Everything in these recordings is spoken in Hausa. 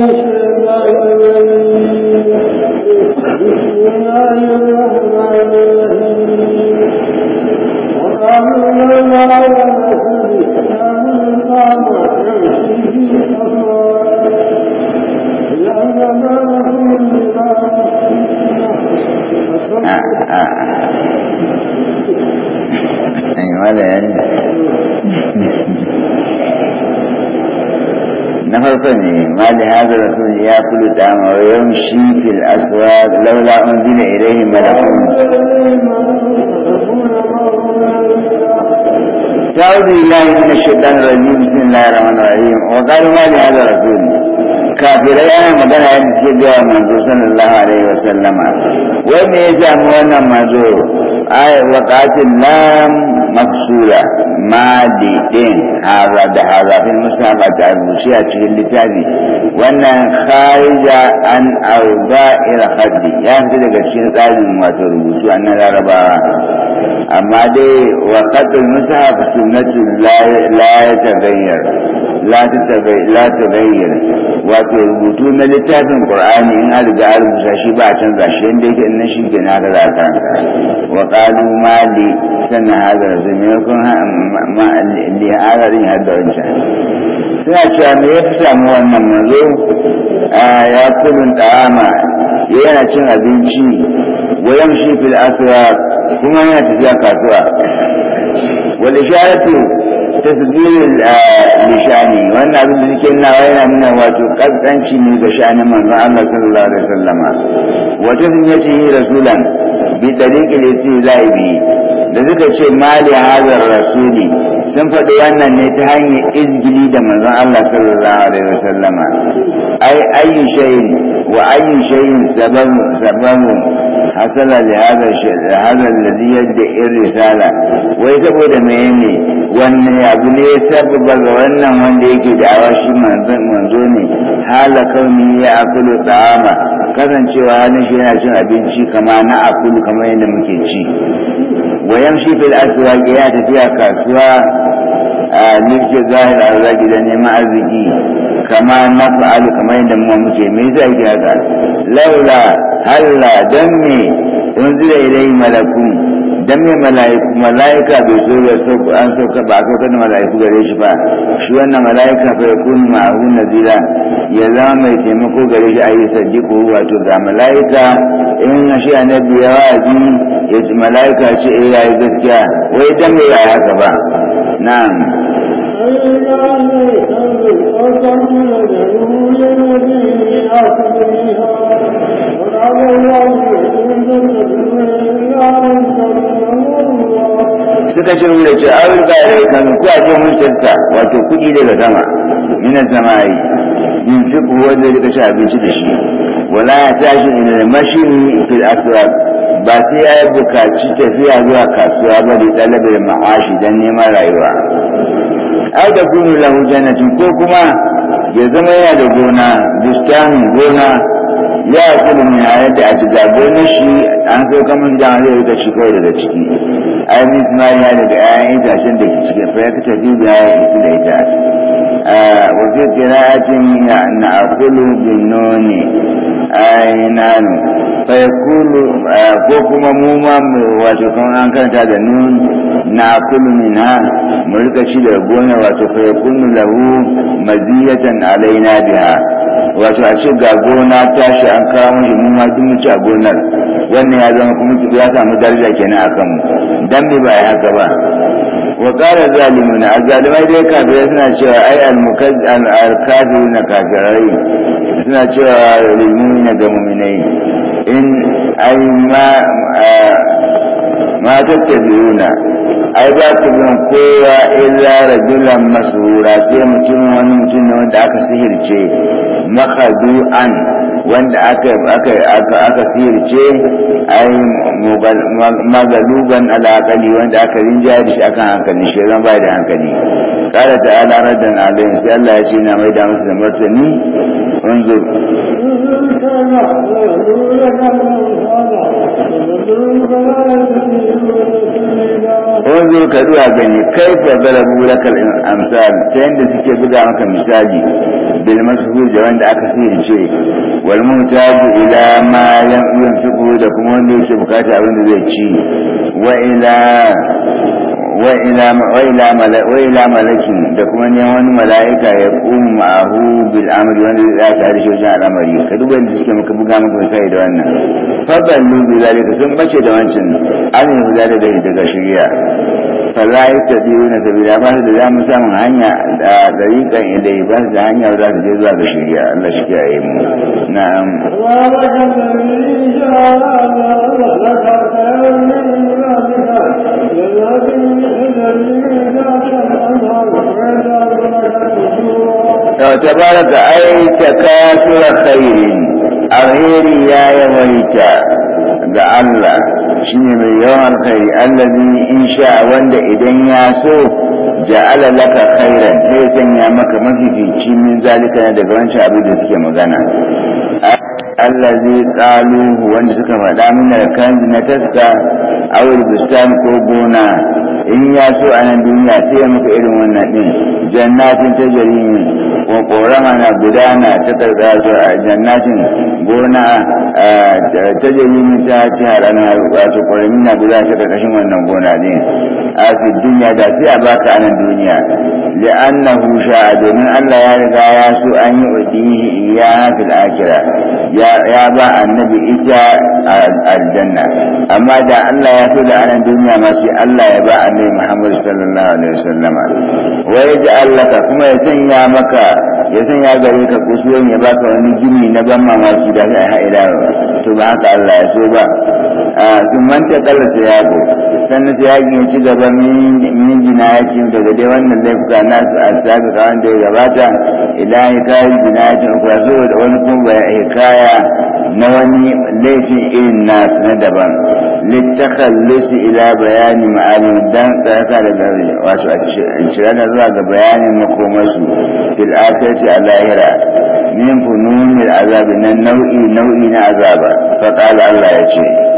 أيوة نفرقني ما لهذا الرسول يأكل طعاما ويمشي في الأسواق لولا أنزل إليه ملك تعود الله من الشيطان الرجيم بسم الله الرحمن الرحيم وقالوا ما لهذا الرسول كافرين مدن عيد كبير منذ صلى الله عليه وسلم ومن يجعل موانا منذ آية وقعت اللام mafsula madi din haza da haza fil musnad ta rubuci a cikin littafi wannan kharija an arba'il haddi ya fita daga cikin tsarin wato rubutu annan larabawa amma dai wa qadul mushaf sunnatu la ta tagayyar la tagayyar wato rubutu na littafin qur'ani in an riga an rubuta shi ba a canza shi yanda yake in shi ke na gaza ka wa qalu ma li sanna hada zumi kun li hada wancan suna cewa me ya samu wannan manzo ya kulun ta'ama yana cin abinci wayan shi fil asra kuma yana tafiya kasuwa wal isharatu tasbirin lishani ah, wannan abin da nake nawa yana nuna wato kaskanci ne ga shanin manzon Allah sallallahu alaihi wasallama wa tasbiyatihi rasulan bi tariqil bi da suka ce mali hazar rasuli sun faɗi wannan ne ta hanyar izgili da manzon Allah sallallahu alaihi wasallama ai ayyu shay'in wa ayyu shay'in sababu sababu hasala li hadha hadha alladhi yad'i risala wai saboda menene wannan abu ne ya sababa ga wannan wanda yake awa shi manzo ne hala kauni ya akulu tsama kasancewa halin shi yana cin abinci kama na akulu kamar yadda muke ci wayan shi fil ke ya tafiya kasuwa a nufke zahir arzaki da neman arziki kama na fa'alu kamar yadda mu muke me yasa yake haka laula halla ne me unzila ilayhi malakun dan mai mala'ika bai so ya so an so ka ba so kan mala'iku gare shi ba shi wannan mala'ika fa abu ma'ahu nazira ya zama mai taimako gare shi ayi sadiqu wato ga mala'ika in shi annabi ya wa'azi ya ji mala'ika ce eh yayi gaskiya wai dan mai ya haka ba na'am الله suka ce wuri ce a wuri bayan kan kuwa ce mutunta wato kuɗi daga sama ina sama yi yin fi kuwa da rika sha abinci da shi wala ya tashi ina da mashin fil asuwa ba sai ya yi bukaci tafiya zuwa kasuwa ba da talabar ma'ashi don neman rayuwa Ai da kunu lahu jannatin ko kuma ya zama yana da gona bustani gona ya ne ya yadda a jiga gona shi an so kamar da zai rika shi kawai daga ciki ai kuma ya daga 'ya'yan itacen da ke cikin fa ya kace biyu da ya ki da ita wa fi qira'atin ya na'kulu bin nuni ai nanu fa kulu ko kuma mu ma wato kan an karanta da nun na'kulu minha mu rika shi da gona wato fa yakunu lahu maziyatan alaina biha wato a ce ga gona tashi an kawo mu mu ma duk mu ci a gonar wannan ya zama kuma ya samu daraja kenan akan mu dan me ba ya haka ba wa qala zalimuna azalimai dai bai suna cewa ai al mukazzal al kafiruna kafirai suna cewa lil ga mu'minai in ai ma eh, ma tattabiruna ai ba ta bin kowa illa rajulan masura sai mutum wani mutum ne wanda aka sihirce makadu'an wanda aka aka aka sihirce ai magaluban alaƙali wanda aka rinja da shi akan hankali shi zan bai da hankali ta ala raddan alayhi sai Allah ya ce na mai da musu da martani unzur Thank you. wanzur ka zuwa gani kai fa zalabu lakal amsal ta yanda suke buga maka misali bil mashhur da wanda aka sirce wal muhtaju ila ma yanfiqu da kuma wanda yake bukata abin da zai ci wa ila wa'ila malakin da kuma ne wani mala'ika ya kuma ma'ahu bil amri wanda zai tsaya tare shi wajen al'amari ka duba yadda suke muka buga muka misali da wannan fadallu bi zalika sun bace da wancan an yi zalika daga shari'a fala ya biyu na sabila ba su da za mu samun hanya da dariƙan inda ba su da hanya za su je zuwa ga shirya Allah shi kiyaye mu na'am تبارك أي تكاثر خير alheri ya yawaita ga Allah shine mai yawan kai allazi insha wanda idan ya so ja'ala laka khairan sai sanya maka mafifici min zalika daga wancan abin da suke magana allazi qalu wanda suka faɗa mana kan na tasta awul bustan ko gona in ya so a nan duniya sai ya maka irin wannan din jannatin ta jari ne ko korama na gudana ta karkara a jannatin gona ta jami min ta ci halan wato kwarami na guda ta karkashin wannan gona ne a su duniya da sai a baka a nan duniya li'annahu husha domin Allah ya riga ya so an yi udihi ya fil akira ya ba annabi ita aljanna amma da Allah ya so da a nan duniya ma sai Allah ya ba annabi Muhammadu sallallahu alaihi wasallam wa yaj'al laka kuma ya sanya maka ya sanya gare ka kusuwan ya baka wani gini na ban mamaki guda ne a ila to ba haka Allah ya so ba sun manta kalla su yago sannan su ya ya ci gaba min jina yakin daga dai wannan laifuka na su a sabi kawan da ya gabata idan hikayi jina yakin ukura saboda wani kuma kaya na wani laifin irin nasu na daban littakhallusi ila bayani ma'alim dan tsaka da gari wato a da zuwa ga bayanin makomarsu fil akhirati a lahira min fununil azabi nan nau'i nau'i na azaba fa qala Allah ya ce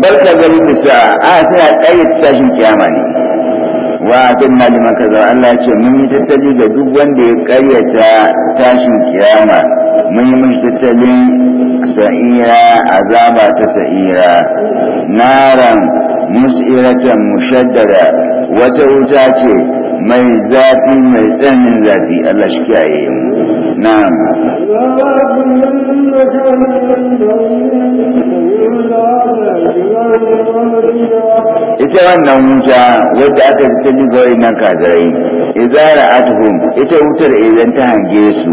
bal ka gari da sa a sai a tsaye tashin kiyama ne wa dinna liman kaza Allah ya ce mun yi tattali ga duk wanda ya karyata tashin kiyama mun yi mun tattalin sa'ira azaba ta sa'ira naran mus'iratan mushaddada wata wuta ce mai zafi mai tsanin zafi Allah shi kiyaye mu na'am ita wannan wuta wadda aka fi ta ji ga kazarai izara ra'atuhum ita wutar idan ta hange su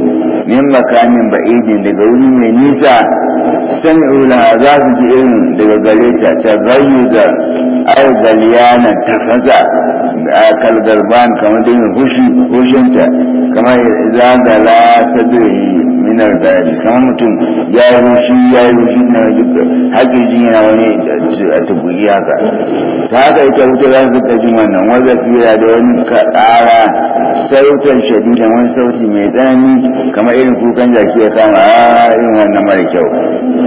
min makamin ba'idin daga wuri mai nisa sami'u laha za su ji irin daga gare ta ta zayyuda ay galyanan ta fasa kalgarban kamar da hushinta kamar za da la ta zai minar bayani kamar mutum ya yi rushi ya yi rushi na duka haƙi jin yana wani a tabbuki haka ta haka ita wuta za su ta jin wannan wanda fiya da wani kaɗara sautan shadidan wani sauti mai tsanani kamar irin kukan jaki ya kama a irin wannan mara kyau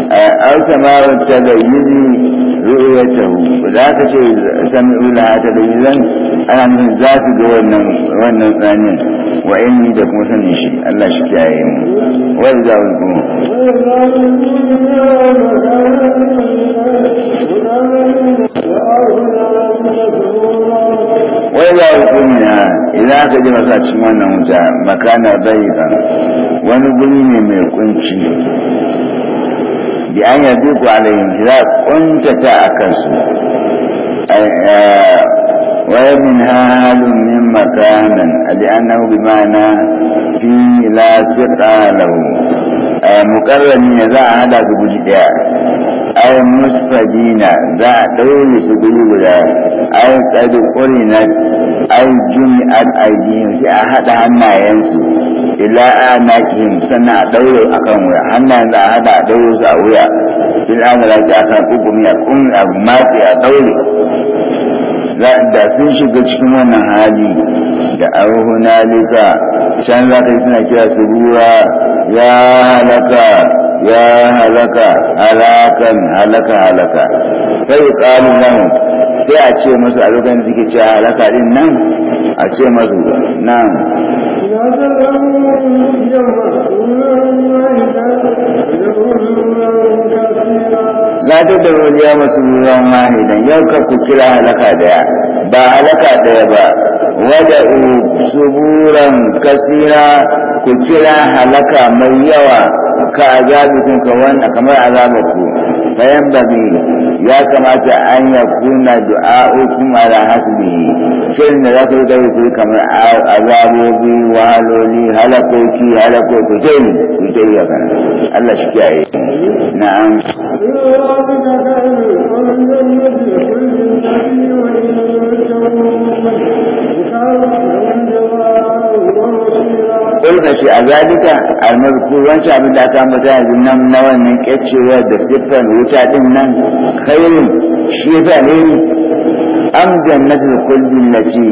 a ausa ma ta da yi ru'yatahu da aka ce sami'u la ta dalilan ana nufin za su ga wannan wannan tsanin wa ilmi da kuma sani shi Allah shi kiyaye mu wa idza ulqum wa idza ulqum ya idan aka ji masa cikin wannan wuta makana bayyana wani guri ne mai kunci بأن يذوق عليهم جلاب قنجتا أكسو آه، ومنها هال من مكانا لأنه بمعنى في لا سقى له آه، مكرم يزع هذا بوجدها أي مستجين ذا تولي سبيل ذا أي قد قرنت aljini jini an sai a haɗa hannayensu ila anakihim sannan a ɗaure a kan wuya hannayen da a haɗa a ɗaure su a wuya bil amuraki a kan ƙuƙumi a ƙumi a matse a ɗaure da sun shiga cikin wannan hali da aruhuna lika can za ka yi suna kira su ruwa ya halaka ya halaka halakan halaka halaka sai ƙalin lahun sai a ce masu a lokacin da suke cewa a lakarin nan a ce masu nan Zata ta da wajiya masu ruwan mahidan yau ka ku kira halaka daya ba halaka daya ba wada suburan kasira ku kira halaka mai yawa ka azabi kun ka wannan kamar ku فينبغي يا كما أن يكون دعاؤكم على حسبه shirin da za ku yi gari ku yi kamar azabobi wahaloli halakoki halakoki ku je ni ya shi kiyaye shi a zalika almazkur wancan abin da aka ambata yanzu nan na wannan kyacewa da siffar wuta din nan khairin shi yasa ne am jannatul khuldi lati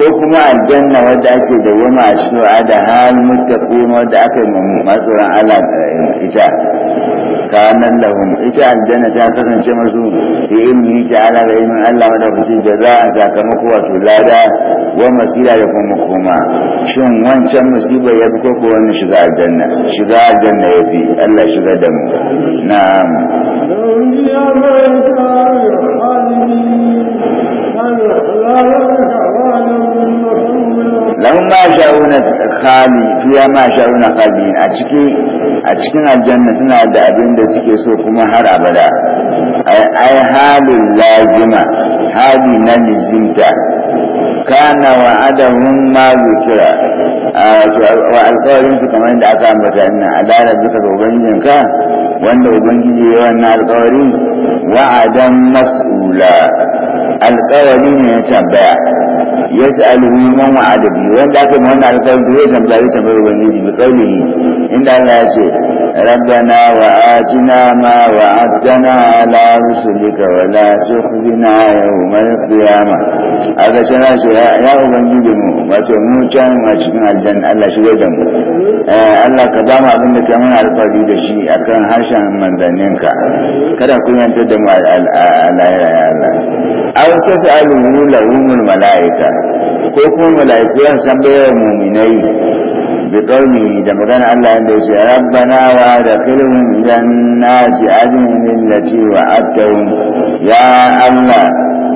ko kuma aljanna wadda ake da wama a cikin da hal muttaqin wadda aka yi masu ran Allah ita kanan lahum ita aljanna ta kasance masu fi ilmi ta'ala da ilmin Allah madaukaki jaza'an sakamako wato lada wa masira da kuma makoma shin wancan musiba ya ko koko wani shiga aljanna shiga aljanna ya fi Allah shiga da mu na'am lahum ma sha'una khali fiya ma sha'una khalidin a cikin a cikin aljanna suna da abin da suke so kuma har abada ai halin lazima hali na lizimta kana wa adamun ma zikira wa alƙawarin su kamar da aka ambata ina adala duka ga ka wanda ubangiji ya wannan alƙawari wa'adan mas'ula alƙawari ne ya tambaya sa man wa adabi, wanda aka ma wannan alƙawari ya tambaya ya tambaya ubangiji bi qawlihi inda Allah ya ce rabbana wa atina ma wa atana ala rusulika wa la tukhzina yawmal qiyama aga sana ce ya ubangiji mu wato mu can a cikin aljanna Allah shi da mu eh, Allah ka ba mu abin da kai mana alfahari da shi akan harshen manzanninka kada ku yanta da mu ya Allah aw tas'alu lahumul malaika ko kuma malaiku yan san bayar mu'minai بقوله da الله أن ربنا وأدخلهم جنات عدن التي وعدتهم يا الله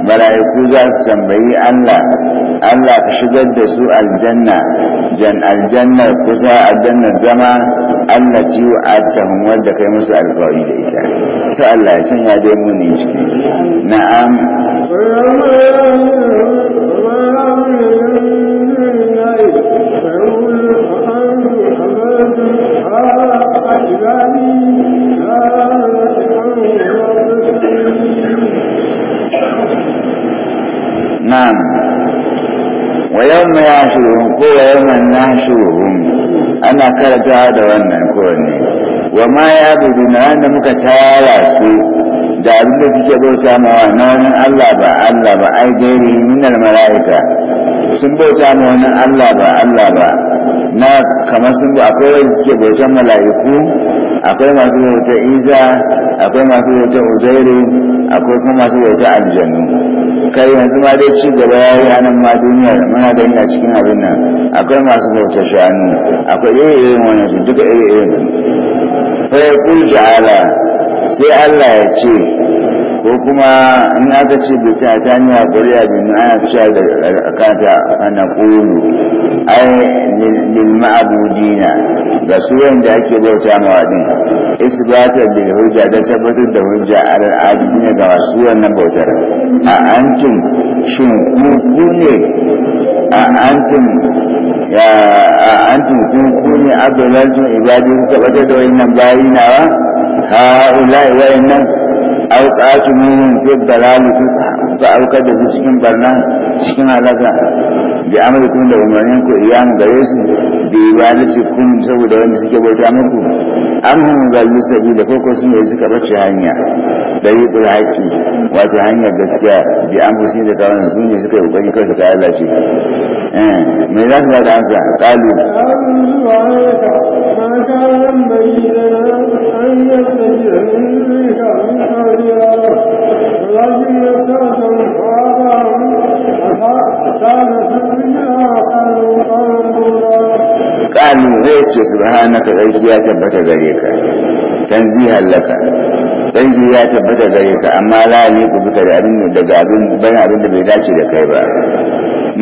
mala'iku za su tambayi Allah Allah shigar da su aljanna jan aljannar kusa aljannar zama Allah ci wa attahun kai musu alkawari da ita to Allah ya sanya نعم ويوم يعشرهم قو يوم نحشرهم أنا كرت هذا كوني وما يعبدون أنا مكتالا سوء da abin da suke bauta na wani Allah ba Allah ba ai gairi minal mala'ika sun bauta ma wani Allah ba Allah ba na kamar sun bi akwai wanda suke bautan mala'iku akwai masu bauta isa akwai masu bauta uzairu akwai kuma masu bauta aljanu kai yanzu ma dai ci gaba ya yi anan ma duniya muna da a cikin abin nan akwai masu bauta shanu akwai iri irin wani su duka iri irin su fa yaqul ta'ala sai Allah ya ce ko kuma in aka ce bi ta taniya qul ya bi ana cewa da kanta ana qulu ai lil ma'budina ga su wanda ake bauta ma wadin isbata lil hujja da tabbatar da hujja al ajina ga su wannan bautar a antum shin ku ne a antum ya a antum ku ne abdullahi ibadin tabbatar da wannan bayinawa ha'ula wa'annan aw qatumuhum fi dalali fa alka da cikin barna cikin halaka bi amrikum da umarnin ku iyamu gare su bi ibadati kun saboda wani suke bauta muku an hum zalli sabila ko koko sun yi suka bace hanya da yi haƙƙi wato hanyar gaskiya bi amrusin da kawai su ne suka yi kokari kawai suka lalace me za su ba da amsa kalu ما كان بيننا أن yi منك qalu zai ce subhanaka ya tabbata gare ka tanzihan laka tanzi ya tabbata gare ka amma la ni ku fita da abin daga abin ban abin da bai dace da kai ba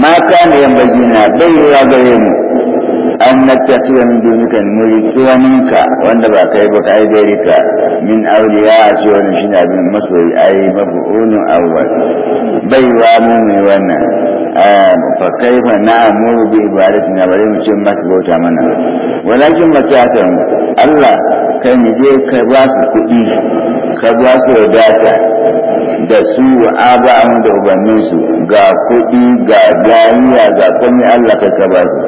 ma kana yambajina bai ya gare mu an nattakiya min dunika muri waninka wanda ba kai ba kai gare ka min auliya a ce wani shi na bin masoyi ai mafi'ulun awwal bai wa mu mai wannan Ehm, fa kaifa na'muru bi ibadatina bare mu ce maka bauta mana walakin mu, Allah kai mu je ka ba su kuɗi ka ba su wadata da su aba da ga kuɗi ga gariya ga komai Allah kai ka ba su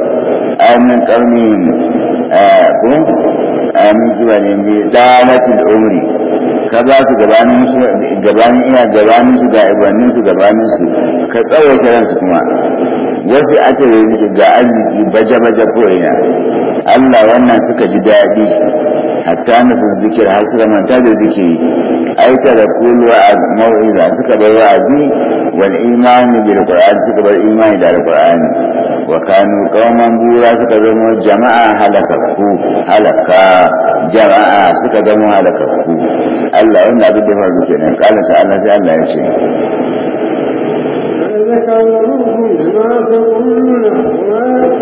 ehm, ko amin ne umri ka ba su gabanin su gabanin gabanin su ga ibanin su gabanin su ka tsawaita su kuma wasu ake yi ga arziki baje baje ko ina Allah wannan suka ji daɗi hatta su zikir har su manta da zikiri aika da kulwa a mau'iza suka bar wa'azi wal imani bil qur'an suka bar imani da alqur'ani wa kanu qauman bura suka zama jama'a halakakku halaka jama'a suka zama halakakku Allah wanda abin dafa faru kenan kala ta Allah sai Allah ya ce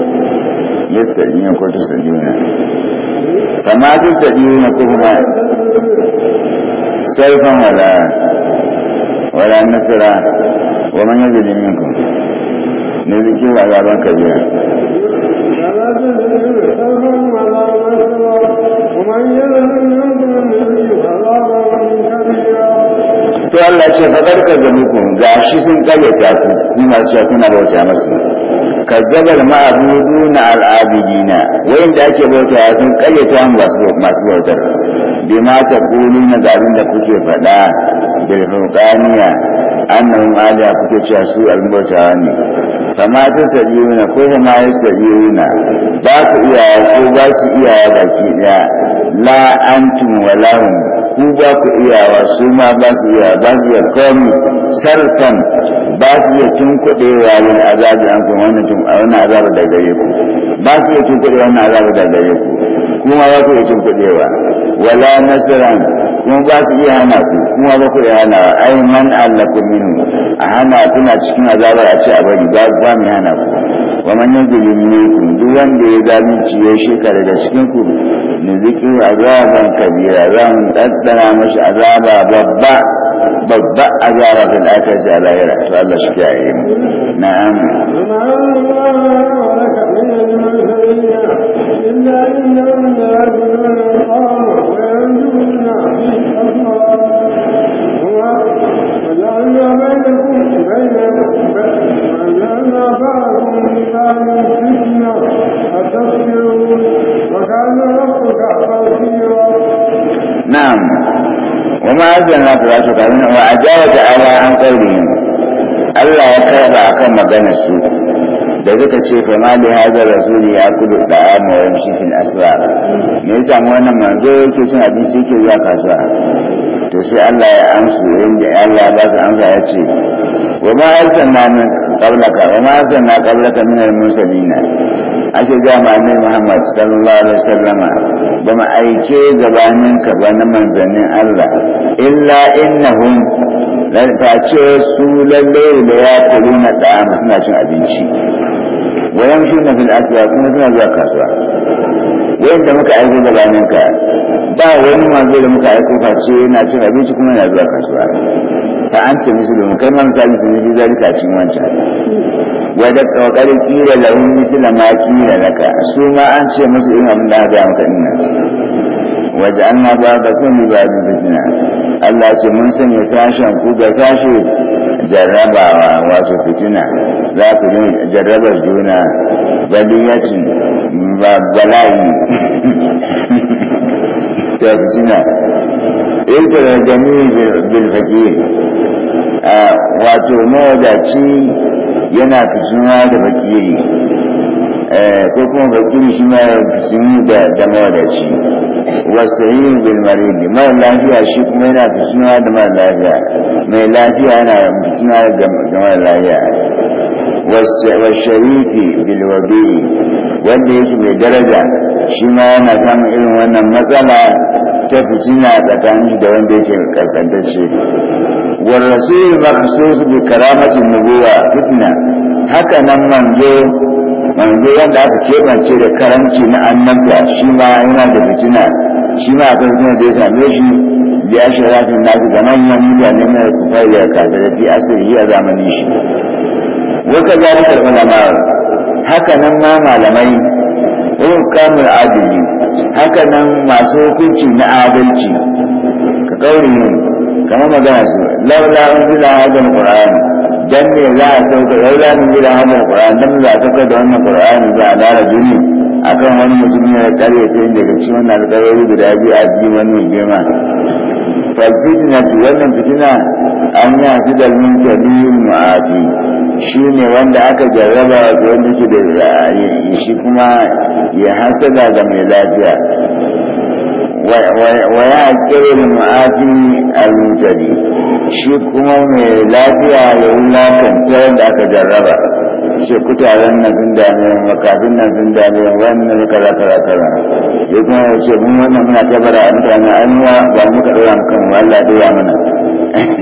يستجيبون كل تستجيبون فما تستجيبون كل سيفا ولا ولا نصرا ومن يظلم منكم نذكر عذابا كبيرا to Allah ce fadar ka ga muku gashi sun kalle ta ku ni masu kuna bauta masu kazzabar ma'abuduna al'abidina wayanda ake bauta sun karyata masu bautar bi ma ta na da da kuke faɗa bil hukaniya annahum ala kuke cewa su abin bautawa ne kama ta sajiyuna ko kama ya sajiyuna ba ku iya ko ba su iya baki ɗaya. la antum walahum ku ba ku iyawa su ma ba su iya ba su iya komi sarfan ba su iya tun kuɗe wa yin azabi an kuma wannan tun wannan azabi da gare ku ba su iya tun kuɗe wannan azabi da gare ku kuma ba ku iya tun kuɗe wa wala nasran kuma ba su iya hana ku kuma ba ku iya hana ai man allakum minhu a hama cikin azabar a ce a bari ba ba mu hana ba wa man yajri minkum duk wanda ya zalunci ya shekara da cikin ku zikin azaban kabira zan daddara mashi azaba babba babba azaba aka ji a lahira to Allah shi ya yi na'am إلا إنهم كانوا فتنة أتذكرون وكان ربك بصيرا نعم وما A وأشكر وأجاب تعالى عن قولهم Allah ya karba akan maganar su da suka ce fa ma da hada ya kudu da amma wa yamshi me yasa mu wannan manzo yake cin abinci yake zuwa kasuwa to sai Allah ya Allah amsa ya ce wa قبلك وما أرسلنا قبلك من المرسلين ake ga mani Muhammad sallallahu alaihi wasallam ba mu aike gabanin ka ba na manzannin Allah illa innahum lan ta ce su lalle da ya kulu na da'ama suna cin abinci wayan shi na fil kuma suna zuwa kasuwa wayan muka aiko gabanin ka ba wani manzo da muka aiko face yana cin abinci kuma yana zuwa kasuwa فأنت مثلهم كما من تابس مثل ذلك أشم وانت وذلك وقال كيل لهم مثل ما كيل لك سوما أنت مثلهم من الله دعم كإنا وجعلنا بعضكم لبعض فتنا الله سمنسن يساشا قد ساشي جربا واسو فتنا لا تدون جربا دون بلية بلائي تفتنا إلتنا جميل بالفكير wato mawadaci yana fituna da bakiri ko kuma bakiri shi ma fitinu da mawadaci wasayin bil maridi mara lafiya shi kuma yana fituna da mara lafiya mai lafiya yana fituna da mara lafiya washarifi bil wabi wanda yake mai daraja shi ma yana samun irin wannan matsala ta fitina tsakanin da wanda yake karkantacce والرسول مخصوص بكرامة النبوة فتنة haka nan manzo manzo yadda aka keɓance da karanci na annabta shi ma yana da fitina shi ma zai same shi ya shara fi nasu da manyan mutane mai kufai da kafirai fi a zamanin shi wata zalika ulama haka nan ma malamai irin kamun adili haka nan masu hukunci na adalci ka kauri kamar magana su laula an zila hadal qur'an dan ne za a sauka laula an zila hadal qur'an dan za a sauka da wannan qur'an za a lara duni akan wani mutum ne ya karya ta inda ga cikin wannan alƙawari guda biyu a ji wannan girma falfitina ce wannan fitina an yi hasu da mintalin ma'afi shi ne wanda aka jarraba wanda ke da shi kuma ya hasada ga mai lafiya ويعكر المعافي المبتلي shi kuma mai lafiya ya wulakantar da aka jarraba shi kutaren nan sun dame mu makafin sun dame wannan kaza kaza kaza ya kuma ya ce mun wannan muna tabara a mutane an yi ba mu ka ɗora kan mu Allah ɗora mana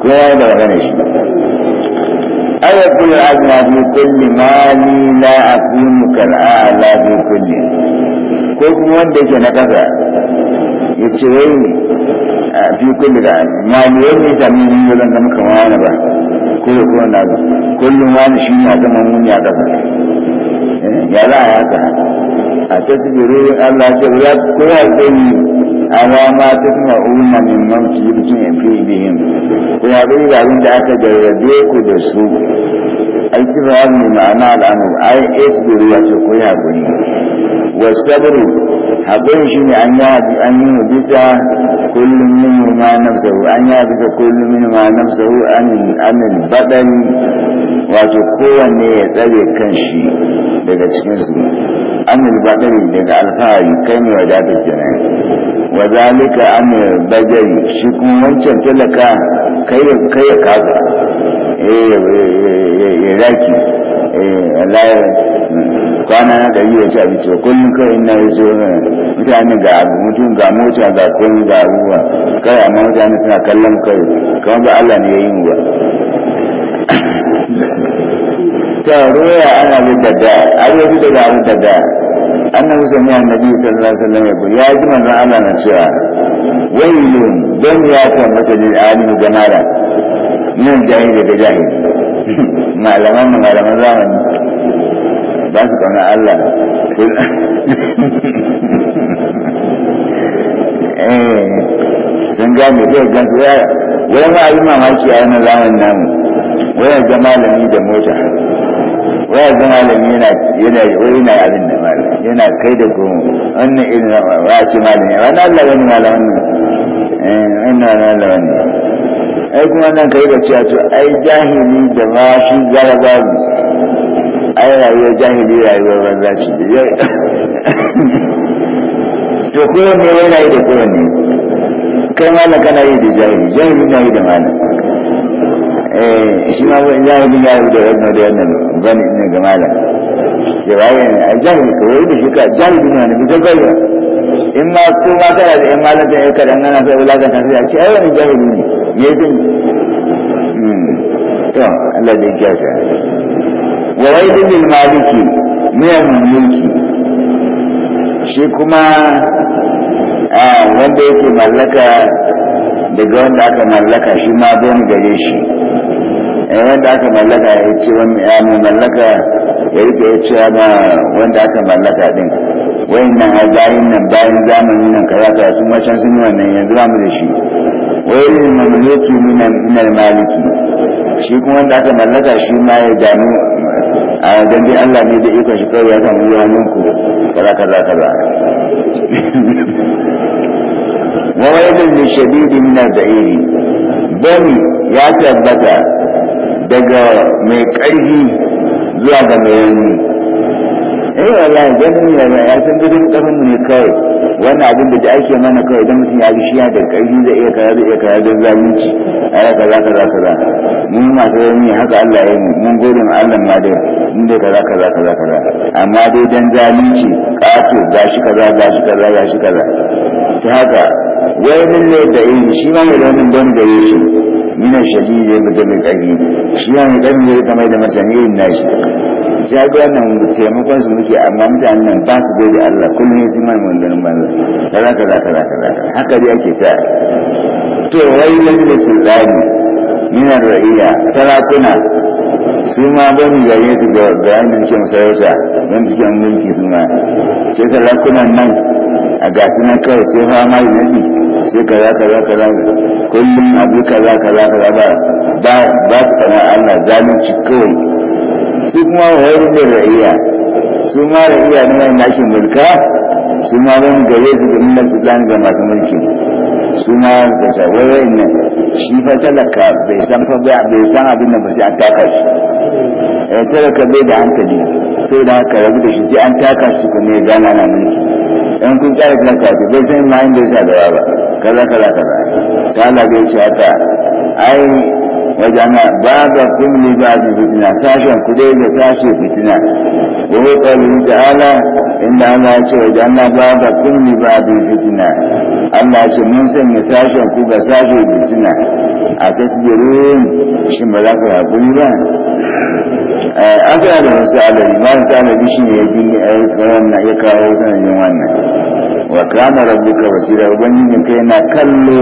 kowa da magana shi أيكون العزم في كل مالي لا أكون كالأعلى في كل ko kuma wanda yake na kasa ya ce wai a fi kulli da maliyar ne sami yin yi zanga muka wani ba ko da kuma na ba kullum wani shi ne a sama muni a ƙasa eh, ya za a haka a tasbiru Allah ce ya koya zai ala ma tasma'una min man yubkin fi bihim ko ya dai da abin da aka jarrabe ku da su aiki ba ne ma'ana al'amur ai isbiru ya ce ko ya guri والصبر haƙon shi ne an yi an bisa kullum min ma nafsahu an yi bisa kullum min kowanne ya tsare kanshi daga cikin su anil badan daga alfahari kai ne wadatar kenan wa zalika anil bajari shi kuma wancan talaka kai ya kaza ya raki kwana na ɗari da ci abinci ba kullum kawai ina yi so eh, mutane ga mutum ga mota ga kun ga abubuwa kai amma mutane suna kallon kai kamar ba Allah ne ya yi mu ba ta ruwa ana bin dada an yi fito da abin dadda annabi sallallahu alaihi wasallam ya ya ji manzon Allah na cewa wailun don ya tabbata lil alim gamara nan jahili da jahili malaman malaman zamani ba su kauna Allah eh, sun gane zai gan su yaya wai ma yi mamaki a yana zamanin namu wani ga malami da mota wani ga malami yana yana wai yana abin da malami yana kai da goma wannan irin wa ce malami wani Allah wani malami eh, wannan wannan Allah wani ai kuma nan kai da cewa to ai jahili da ma shi zarababu ai rayuwar jahili rayuwar banza ce to kowanne yana yi da kowanne kai malam kana yi da jahili jahili na yi da malam eh, shi ma jahili ya yi da wannan da wannan bani ne ga malam ce ba yi a jahili ka wai da shi ka jahili na wani ta kai in ma ko ma kana da yan malam da yan kaɗan ana sai wulakanta sai a ce ai wani jahili ne ya yi hmm. to Allah zai kyauta wa wailun lil maliki min mulki shi kuma wanda yake mallaka daga wanda aka mallaka shi ma don gare shi eh، wanda aka mallaka ya ce wani mai mallaka ya rike ya ce ma wanda aka mallaka din wayan nan a bayan nan bayan zamanin nan kaza sun wacan sun yi wannan yanzu ba mu da shi wayan mamluki min al maliki shi kuma wanda aka mallaka shi ma ya damu a gandun Allah ne zai ikon shi kawai ya samu yi hannun ku kaza kaza kaza wa wailun li shadidi min al-da'iri bani ya tabbata daga mai ƙarfi zuwa ga mai rauni eh wallahi gani ne ya san gudun ƙarfin ne kawai wannan abin da ake mana kawai idan mutum ya bi shiya da ƙarfi zai iya kaya zai iya kaya don zalunci a ya kaza kaza kaza mun masu rauni haka Allah ya yi mun gode ma Allah ma dai mun dai kaza kaza kaza kaza amma dai dan zalunci ƙato gashi kaza gashi kaza gashi kaza ta haka wai mun ne da yin shi ma mai raunin don da yin shi min shadid ya bada mai ƙarfi shi ya mai ƙarfi ya kamar da mutane yin nashi sai ga wannan taimakon su muke amma mutanen nan ba su gode Allah kullum su mai manganin banza kaza kaza kaza kaza haka dai ake sa to wai su sultani min ar-ra'iya sarakuna su ma bari yayin su da bayanin suke sarauta don cikin mulki su ma sai nan a gasi nan kawai sai fama da nadi sai za ka za kullum abu kaza kaza kaza ba ba su kama Allah zalunci kawai su kuma wani da ra'iya su ma ra'iya ne mai nakin mulka su ma bari gare su da nuna su zanga masu mulki su ma da shawarar ne? shi fa talaka bai san fa bai san abin da ba sai an taka shi eh talaka bai da hankali sai da haka rabu da shi sai an taka shi kuma ya gana na mulki in kun tsaya kan kafi bai san ma inda ya da gaba ba kaza kaza kaza kala bai ce haka ai wajen ba babu kun ne ba su fitina sashen ku dai da sashe fitina wani ƙwarin ta'ala inda ana ce wajen babu kun ne ba su fitina Allah ce mun sanya sashen ku ga sashe fitina a tasbirin shin ba za ku haƙuri ba eh, aka da wasu alabi ba wasu alabi shi ne ya bi eh, wannan ya kawo sanadin wannan wa kana rabbuka basira ubangiji kai na kallo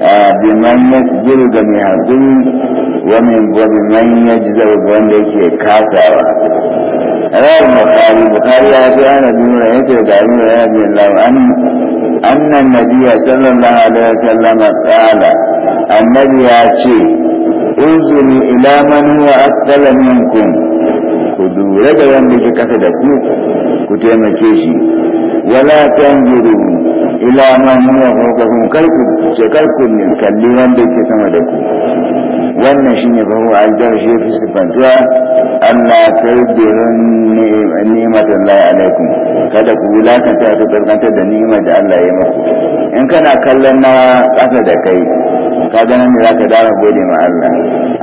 eh, biman yasbiru ga mai haƙuri wa min wa biman yajzaru ga wanda yake kasawa rawar bukari bukari ya fi ana nuna yake da nuna ya bi lawan annan na biya sallwar alayyis salama ala ya ce in suna ilanman mu wa askareminku ku duba ragayawa dake kafin da ku ku taimaki shi. wani atangirin ilanman mu ya faru kafin karku ducu karku ninkalin wanda kika sama da ku. wannan shi ne farko ajiyar fi su Allah ni'imar da Allah alaikum kada ku wulakanta ku tsarkanta da ni'imar da Allah ya muku in kana kallon na ƙasa da kai ka ganin za ka dara gode ma Allah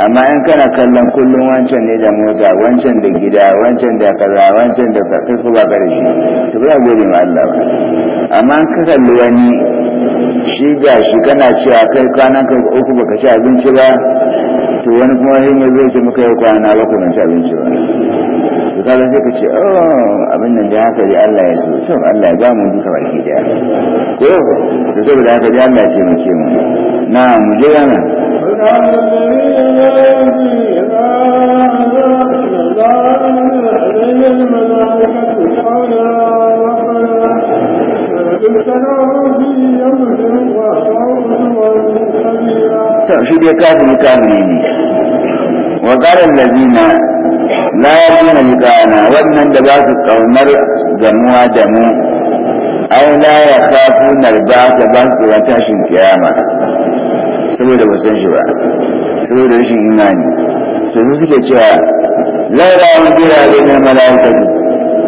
amma in kana kallon kullum wancan ne da mota wancan da gida wancan da kaza wancan da kai ku ba karshe to ba gode ma Allah ba amma in ka kalli wani shi ga shi kana cewa kai kwanan ka uku baka ci abinci ba to wani kuma hin ya zai ce muka yau kwana ba ku ban ci abinci ba to kaga sai ka ce oh abin nan da haka dai Allah ya so to Allah ya ba mu duka baki daya ko to saboda haka dai Allah ya taimake mu na mu je yana shi dai kafin kafin ne wa qalan ladina la yadina liqana wannan da ba su kaunar gamuwa da mu ai la ya kafu narba ta ba su tsoron saboda ba san shi ba saboda rashin imani to su suke cewa laura wani jira da na mala'ika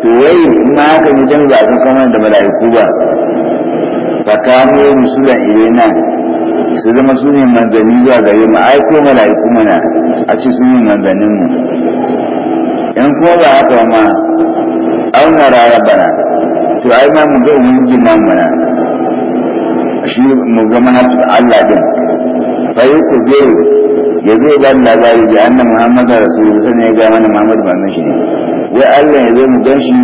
to wai ma haka ne dan ba san kamar da mala'iku ba fa kamo musulan ilena su zama su ne manzanni zuwa gare mu ai ko mala'iku mana a ci su ne manzannin mu in kuma ba haka ma auna rara bana to ai ma mu ga ubangiji ma mana shi mu ga mana Allah din fa ku biyu ya zo ba labari da annan muhammadu rasulu sannan ya ga mana muhammadu ba shi ne wai allah ya zo mu gan shi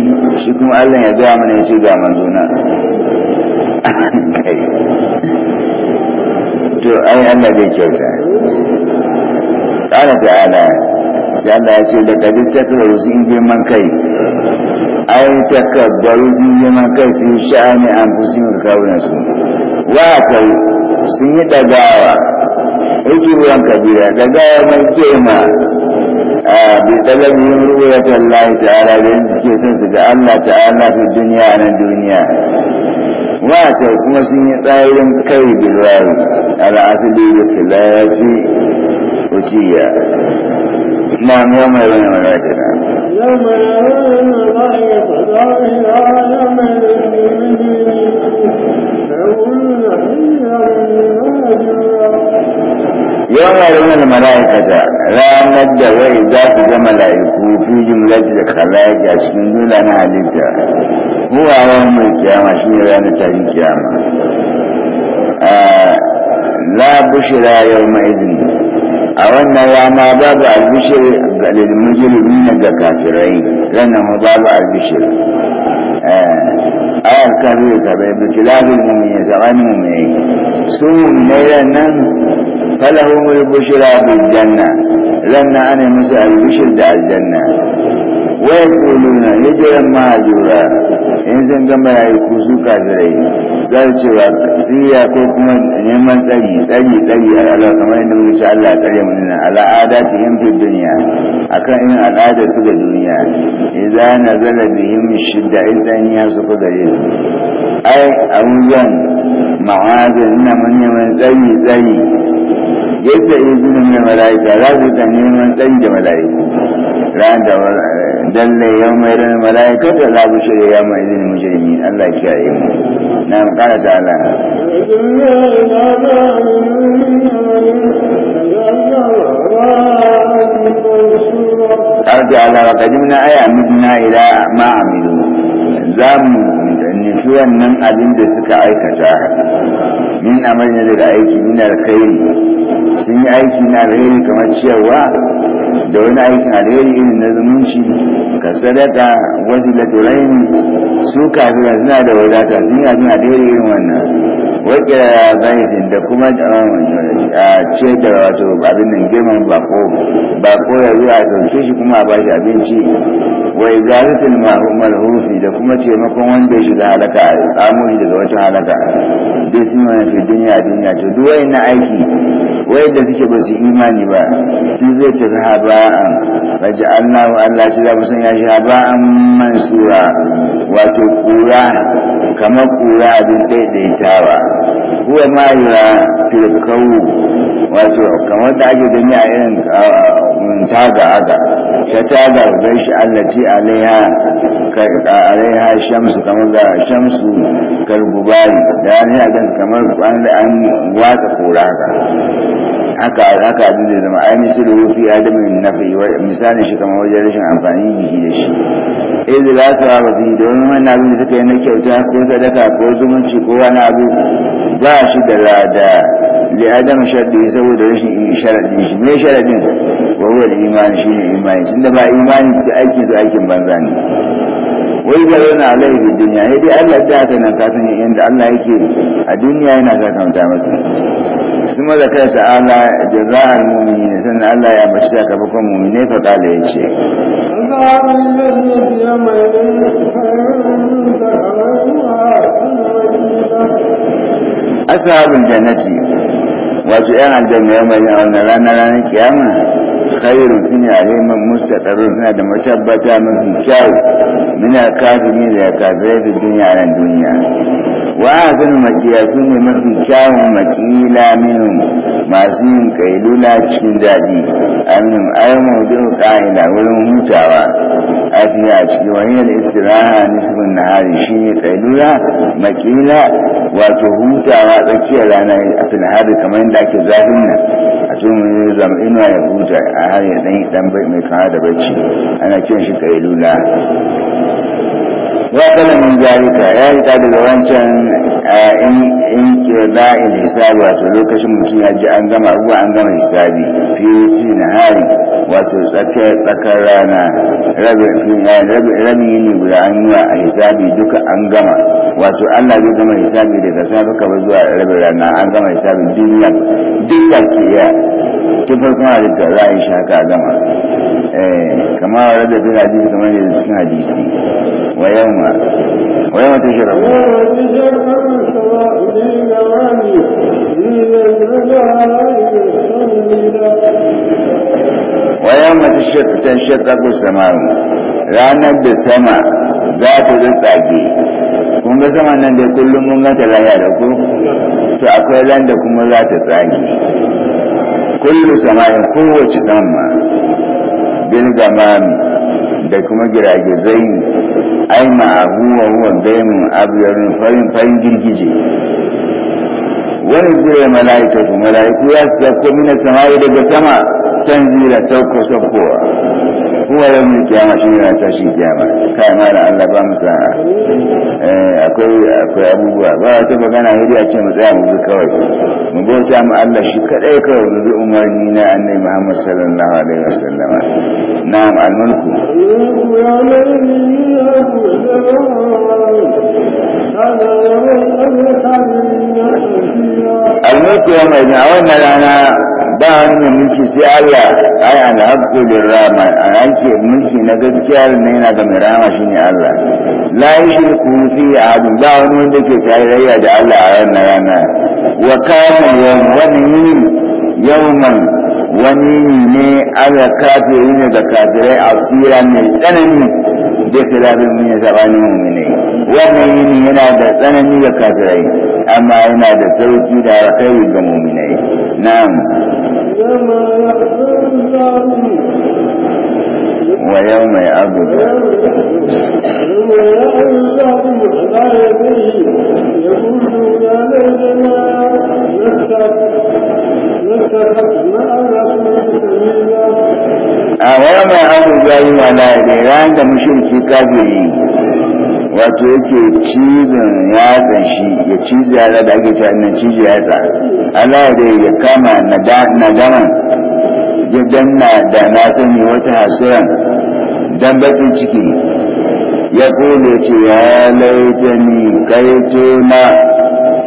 shi kuma allah ya gaya mana ya ce ga manzo na to ai Allah zai kyauta qala ta'ala sai Allah ya ce laqad istakbaru sun man kai ai takabbaru sun man kai fi sha'ani an anfusihim kawunan su wa kai sun yi dagawa ruwan kabira dagawa mai kema bi talabihim ru'yata Allah ta'ala da suke son su ga Allah ta'ala fi duniya nan duniya wata kuma sun yi tsarin kai bilwari al'asali da filafi uciya na yau mai wani wani wata na yau mai wani mala'ikata ranar da wai za su ga mala'iku fi jumlatil khalaiq a cikin jumla na halitta huwa yawan mai kiyama shi ne ranar tashin kiyama la bushira yau mai izini a wannan rana babu albishir ga lilmujirmi na ga kafirai ranar ma babu albishir ayar kafir ta bai bikilabin mummuni zaman mummuni su ne nan falahumul bushira bil janna ranna ana musu albishir da aljanna waya kuluna hijiran mahajura in sun ga mala'iku su kafirai za su cewa tsiriya ko kuma neman tsari tsari tsari a Allah kamar yadda muka ce Allah tsare mu nan al'ada ta yin fi duniya akan yin al'ada su ga duniya Idan idza nazala yin shidda in tsaniya su ku gare su ai a wajen ma'azin ina mun neman tsari tsari yadda ya gudun mai mala'ika za su ta neman ɗan da mala'iku ran da ne eh, ya mai ran mala'ika da za su shirya ya mai zini mujrimi Allah ya yi mu na mu kara ta ala Arti ala wa kajimna ay amidna ila ma amilu za mu nufi wannan abin da suka aikata min amalin daga aiki min alkhairi sun yi aiki na alheri kamar ciyarwa da wani aikin alheri irin na zumunci ka sadaka wasu da su kafira suna da wadata sun yi abin alheri irin wannan wakira zaifin da kuma um, a ce da wato abin nan girman bako bako ya zuwa a sauke shi kuma a ba shi abinci wai zalitin malhufi da kuma taimakon wanda ya shiga halaka a tsamuri daga wata halaka duk sun wani fi duniya a duniya to duk wani na aiki wai da suke ba su imani ba sun zai ba a raja allahu allah shi za mu shi, ya ba a mansura wato kura kamar kura abin ɗaiɗaitawa huwa ma yura kawo wato kamar da ake gani a irin taga aga ta taga zai shi allati alaiha alaiha shamsu kamar da shamsu karbubari da ya ne a kamar wanda an watsa kura haka haka abin zai zama ai misali fi adamin nafi misalin shi kamar wajen rashin amfani da shi da shi eh da za su ba da domin wannan abin da suka yi na kyauta ko sadaka ko zumunci ko wani abu ba shi da lada li adam sharadi saboda rashin sharadin shi me sharadin wa huwa al-iman shi ne imani tunda ba imani da aikin aikin banza ne wai ga yana alaihi da duniya sai dai Allah ya ta nan kasan yanda Allah yake a duniya yana ga kanta masa kuma da kai a jaza'al mu'minin sannan Allah ya bashi da kabakon mu'mine fa kala yace ashabul jannati wato yan aljanna yau mai ranar ranar kiyama khairu shine aliman mustaqarrun suna da matabbata mafi kyau muna kafiri da kafirai da duniya nan duniya wa ahsanu maqiya sune mafi kyawun maqila minhum masu yin kailula cikin daɗi aminum ay mawdu'u wurin hutawa afiya cikin wani da istiraha nisbun nahari shine kailula maƙila wato hutawa tsakiyar rana a kamar yadda ake zafin nan a cikin zam'ina ya huta a har ya dan mai kama da bacci ana cin shi lula. ya mun min zalika ya yi ta daga wancan in kirda in hisabi wato lokacin mutum ya ji an gama abubuwa an gama hisabi fiye na hari wato tsakiyar tsakar rana rabi ne guda an yi wa a hisabi duka an gama wato Allah zai gama hisabi daga safe kaba zuwa rabi rana an gama hisabi duniya duk da ke iya tun farko na da a yi shi haka a gama eh, kama wadda fi hadisi ne da suna hadisi wa yau ma wa yau ta shirar ba. mace wa yawma tashaqqaqu sama'u ranar da sama za ta tsage kun ga sama nan da kullum mun ganta ta da ku to akwai ran da kuma za ta tsage kullu sama'in kowace sama Bin gamami da kuma giragizai ai ma'ahu wa huwa gaimun abiyarin farin farin girgije wani zira mala'ikatu mala'iku ya ko mina samari daga sama tanzila sauko saukowa kuwa yau mai kiyama shi ne ta shi kiyama kai ma da Allah ba musa sa'a eh, akwai akwai abubuwa ba wata magana hidi a ce mu tsaya mu bi kawai mu bauta mu Allah shi kadai kawai mu bi umarni na annabi Muhammad sallallahu alaihi wasallam na'am al-mulku ya mai na wannan rana ba hanyar mulki sai Allah ai rama, an yake mulki na gaskiya ne yana da mai shine Allah la yushriku fi adu ba wani wanda ke tarayya da Allah a ranar rana wa kana yawm wani yini yawman wani ne ala kafiri ne da kafirai asira mai tsanani da filafin mun zabanin sabanin Wani wannan yini yana da tsanani ga kafirai amma yana da sauki da alkhairi ga muminai na'am ويوم يعبد a wayan mai abu zai wala da ran da mushriki wato yake cizon yatsan shi ya cizi ya da ake cewa nan cizi yatsa Allah da ya kama na daman ya danna da na sani wata hasuran dan bakin ciki ya kone ce ya laifani kai na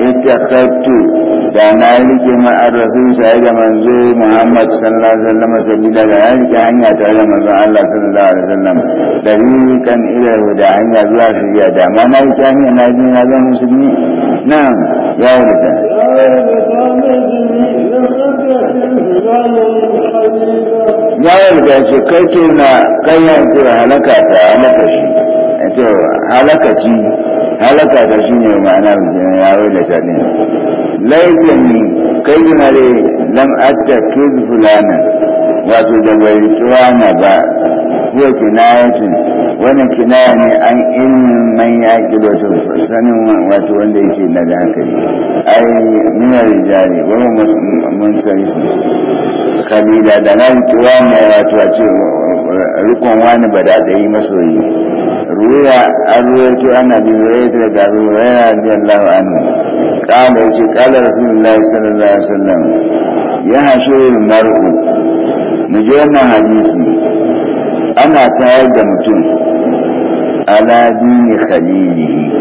ita kattu da na rike ma'arrafin sa da manzo Muhammad sallallahu alaihi wasallam sabida da ya rike hanya ta ga manzo Allah sallallahu alaihi wasallam kan ila da hanya zuwa shirya da ma na rike hanya na ji na ga musulmi na'am ya wuce ya wuce ce kai ke na ya ce halaka ta halaka shi ce halaka ci halaka ta ne ma'anar yawo da shaɗin laifin kai na da lam atta kiz fulana wato da bai tuwana ba zai kinayatin wannan kinaya ne an ilmin man ya ki wato sanin wato wanda yake na da haka ne. ai minar rijali wani mun sani kalila da nan tuwana wato a ce rikon wani ba da yi masoyi ruya an ruwaito ana bi ruwaito daga abu ruwaira radiyallahu anhu kala yace kala rasulullahi sallallahu alaihi wasallam ya hashuru mar'u mu je wannan hadisi ana tayar da mutum ala dini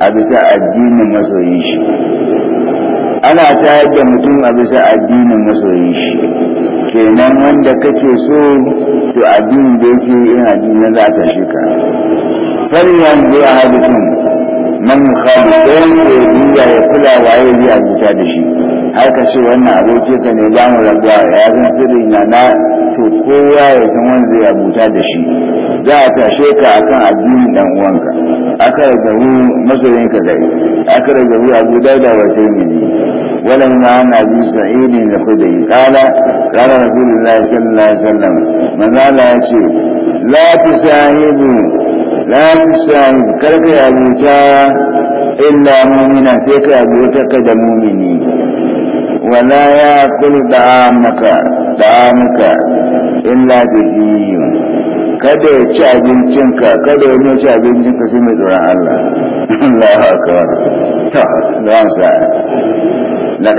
a bisa addinin masoyin shi ana tayar da kenan wanda kake so to addini da yake yin addini na za a tashi a nan ya أحدكم من yi a zuta da shi. har ka ce wannan ka ne ba mu rabuwa ya zan sirri na na to kowa ya san wanda zai abuta da shi za a tashe ka akan addinin dan uwanka aka rabu masoyin ka kai aka rabu abu dauda wa tirmidhi wala ma ana bi sa'id da khudai qala qala rasulullahi sallallahu alaihi wasallam ya ce la tusan karka ya buta illa mu'mina sai ka buta ka da mu'mini wala ya kul da'amaka da'amaka illa bidiyun kada ya ci abincinka kada ya ci abincinka sai mai tsoron Allah Allah akbar to na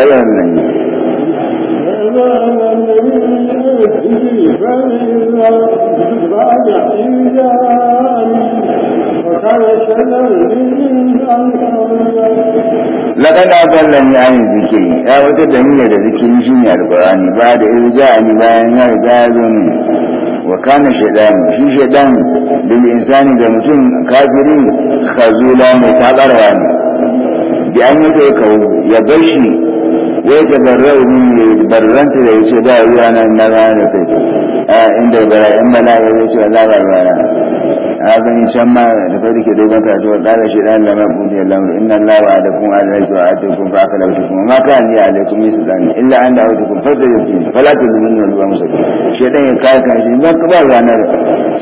لقد أضلني عن الذكر يا وجد من الذكر شيء القرآن بعد إذ جاءني بيان يرجعني وكان شيطان في شيطان للإنسان بمتن كافر خزولا متابرا بأن يتركه يبشي ويتبرأ من برنت ليس داوي أنا النبي عند البلاء إما لا يليس ولا برنت هذا هشام ما لفريق ديبان تعدو قال شيئا لما قضي الأمر إن الله وعدكم على وعدكم وعدتكم فأخلفتكم وما كان لي عليكم من سلطان إلا أن دعوتكم فاستجبتم فلا تظلمون الله مسكين شيطان يقال كان شيء ما كبار وانا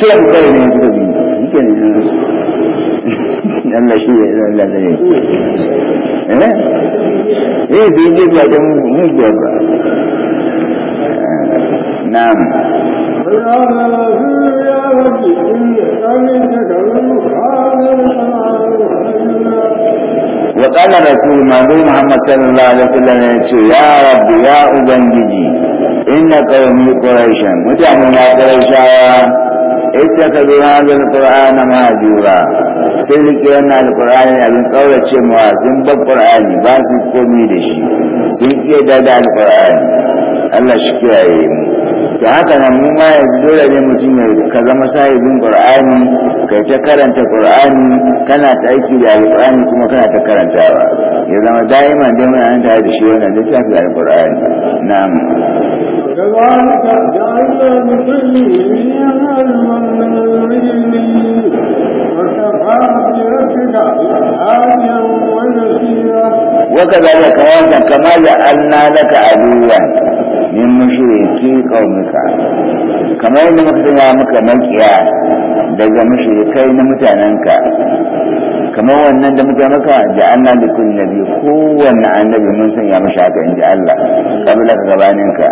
سوى بكار من يكتبين يمكن Allah الله ya zan Allah zai eh eh bi ne ba da mu ba na'am wa qala rasul manzo muhammad sallallahu alaihi wasallam ya ce ya rabbi ya ubangiji inna qaumi quraishan mutanen ya quraishawa ittakhadhu hadha alqur'ana mahjura sai rike wannan alqur'ani abin kaurace mawa sun bar qur'ani ba su komi da shi sun ke da alqur'ani Allah shi kiyaye mu to haka nan mu ma yanzu dole ne mutum ya ka zama sahibin qur'ani kai ta karanta qur'ani kana ta aiki da qur'ani kuma kana ta karantawa ya zama da'ima dai muna nan tare da shi wannan da ta da qur'ani na'am كذلك جعلنا لكل منها المنزلين وكفى بربك هاديا وكذلك كما جعلنا لك عدوا min mushriki qaumika kamar yadda muka sanya maka makiya daga mushrikai na mutanenka kamar wannan da muka maka Allah da kulli nabi kowanne annabi mun sanya masa haka in ji Allah kabila ka gabanin ka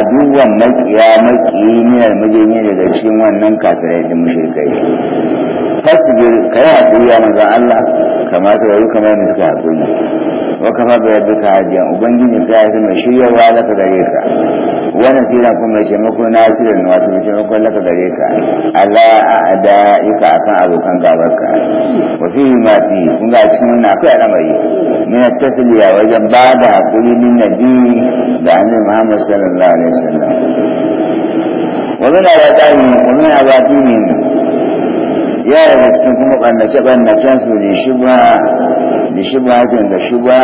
aduwan makiya makiyi ne da daga cikin wannan kafirai da kai. fasbir ka yi haƙuri maza Allah kamata ta yayi kamar da suka haƙuri wa kafa da yadda ka hajiya ubangiji ta yi mai shiryarwa laka gare ka wannan sira kuma mai taimako na sirrin wato mai taimako laka gare ka Allah a da ika akan abokan gabar ka wa fi ma fi kun ga cikin wannan akwai al'amari ta tasliya wajen ba da hakuri min nabi da annabi Muhammad sallallahu alaihi wasallam wa min abatihi wa min abatihi ya yi cikin kuma ɓannace-ɓannacen su da shubha da shubhatin da shubha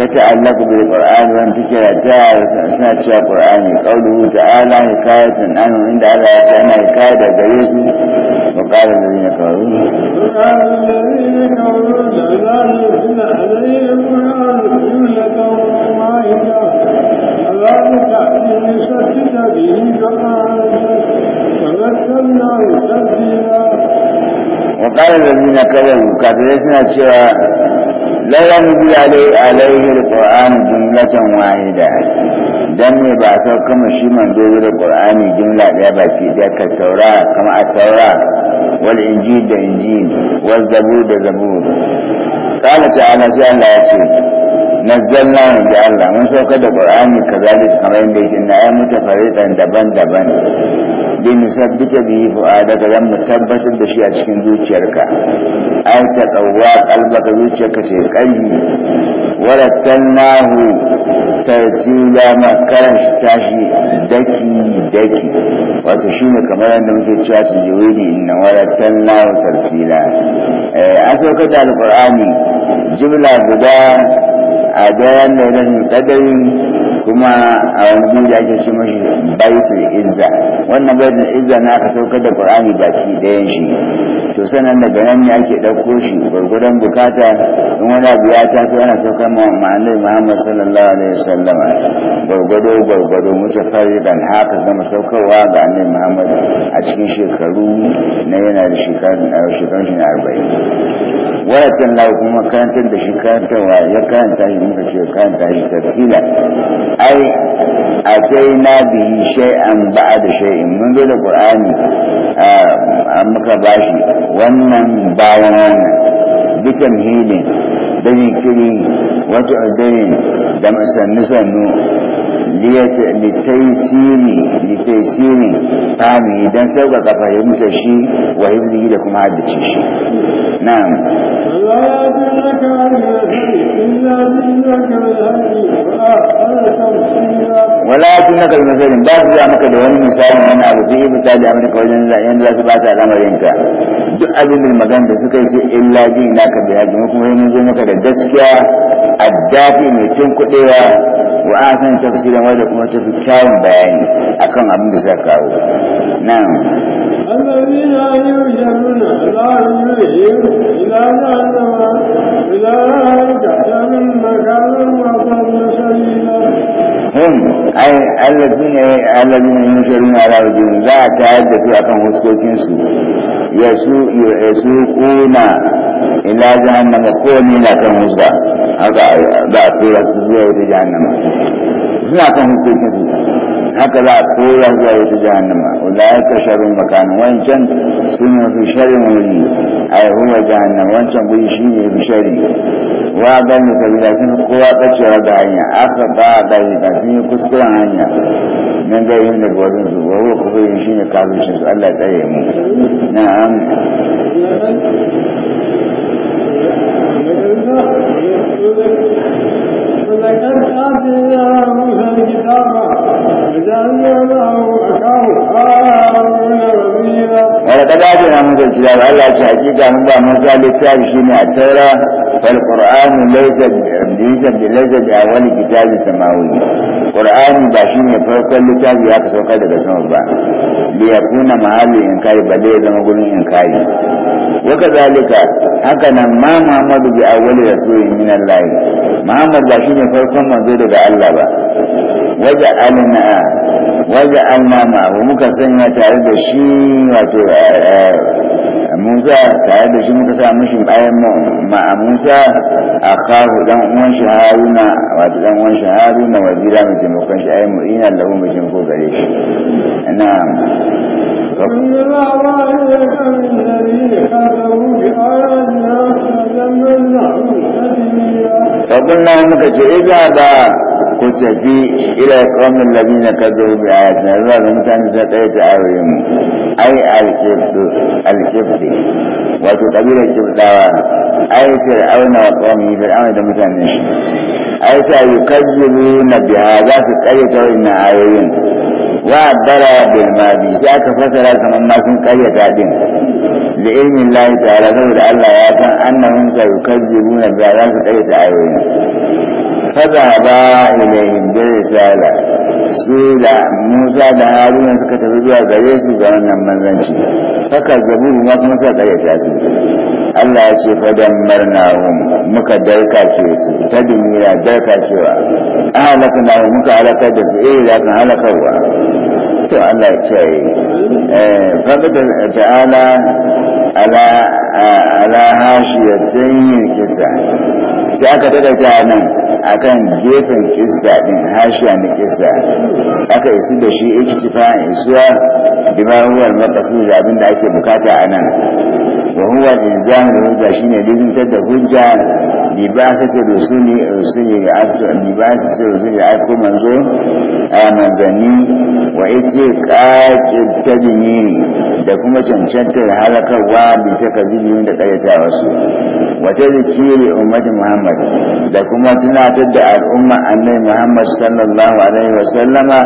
ta ta'allaka bil qur'ani wani take ta suna cewa qur'ani qauluhu ta'ala hikayatun an inda Allah ya ce ana hikaya da gare su wa qala allazina kafaru ذلك لنشتت به بقاء فمثلناه تبديلا wa qala allazina kafaru kafirai suna cewa la yanzil alai alaihi alquran jumlatan wahida dan me ba a sauka mashi manzo da ƙur'ani jumla daya baki daya ka taura kama a taura wal injil da injil wal zabur da zabur qala ta'ala sai Allah ya ce nazzalna ne da Allah mun sauka da Qur'ani kazalik kamar yadda yake na ya mutu faridan daban-daban bi nusabbita bihi fu'adaka dan mu tabbatar da shi a cikin zuciyarka ai ta qawwa qalbaka zuciyarka ce wa kalbi warattalnahu tartila makaran tashi daki daki wato shine kamar yadda muke cewa su jiwidi inna warattalnahu tartila eh an sauka da alqur'ani jumla guda a bayan nan ƙadarin kuma a wani da ake mashi baitu izza wannan baitu izza na aka saukar da qur'ani baki ɗayan shi to sanan daga nan ne ake ɗauko shi gwargwadon bukata in wani abu ya taso ana saukar ma ma'anar muhammad sallallahu alaihi wasallama gwargwado gwargwado mutafarridan haka zama saukarwa ga annabi muhammad a cikin shekaru na yana da shekarun shi na arba'in wayatan lahu kuma karantar da shi karantarwa ya karanta shi muka ce karanta shi tafsila ai a kai na bihi an ba'a da shay'in mun zo da qur'ani a muka bashi wannan bayan wannan bitan hilin da jinkiri wata da sannu sannu litaisiri fahimi don sauƙaƙa fahimtar shi wa hibzihi da kuma haddace shi na'am wala ya tunaka da masarin ba su za maka da wani misalin wani abu su yi misali a maka wajen yanzu za su ba ta al'amarinka duk abin da magana da suka yi sai illa ji na ka biya ji kuma yanzu maka da gaskiya a dafi mai tun kuɗewa wa asan tafsirin kuma da kuma ta kyawun bayani a kan abin da za kawo nan Allah ne ya yi wujen nuna ila ruru ne, ila ruru ne, ila ruru ne, ila ruru ne, ila ruru ne, ila ruru ne, ila ruru ne, ila ruru ne, ila ruru ne, ila ruru ne, ila ruru ne, ila ruru ne, ila ruru ne, ila ruru ne, ila ruru ne, ila ruru ne, ila ruru ne, ila ruru ne, ila suna kan hukuncin su haka za a koya zuwa wata jahannama wanda ya ka sharin makana wancan sun yi fi sharin wuri a yi huwa jahannama wancan guri shi ne fi shari wa gani kabila sun kowa ɓacewa da hanya aka ba a ɗari ka sun yi kuskuren hanya nan da yin da gwazin su ba kuma yin shi ne kafin su Allah tsare mu na'am Thank you. لقد آتيناه الكتاب وجعلناه أخاه هارون نبيا ولقد آتينا موسى الكتاب ألا تحقيق من بعد موسى الكتاب شيني التوراة فالقرآن ليس ليس ليس بأول كتاب سماوي قرآن باشين يفرق الكتاب يا سوكا daga sama ba liyakuna mahalli inkari ba dai zama gurin inkari wa kazalika haka nan ma Muhammadu bi awwali rasulin min Allah Muhammad ba shi ne farkon manzo daga Allah ba waje alina waje almama ba muka sanya tare da shi wato Musa tare da shi muka sa mishi bayan ma Musa a kawo dan uwan shi Haruna wato dan uwan shi Haruna wazira mai taimakon shi ayyuka ina lahu mai taimako gare shi na'am Allah فقلنا لهم إذا با كتفي إلى قوم الذين كذبوا بآياتنا الله مثلا سكيت أعوهم أي الكبت الكبت وتقبيل الكبتاوى أي فرعون وقومه فرعون ده مثلا أي يكذبون بهذا في قرية وإن آيين wa dara bil madi sai aka fasara kamar ma sun karyata din li ilmi Allah ta'ala saboda Allah ya san annahum sayukazzibuna bi za su karyata ayoyin faza ba ilayhim ya sala, su da Musa da Haruna suka tafi zuwa gare su ga wannan manzanci haka zabu ma kuma suka karyata su Allah ya ce fadan marnahum muka darka ce su ta dimira darka cewa ahalaka na muka halakar da su eh za ka halakarwa to Allah ya kiyaye eh, fabatan ta'ala ala ala hashiyatin kisa sai aka takaita nan akan gefen kisa din hashiya na kisa aka isu da shi iktifa isuwa dibaruwar makasu da abin da ake bukata a nan wa huwa inzamul shi shine lizintar da hujja ba libasati rusuli rusuli ya aiko libasati rusuli ya aiko manzo a manzanni wa ita kaƙi ta da kuma cancantar halakarwa da ta jini da ƙayyata wasu wata kiri ummati muhammad da kuma tunatar da al'umma annai muhammad sallallahu alaihi wa sallama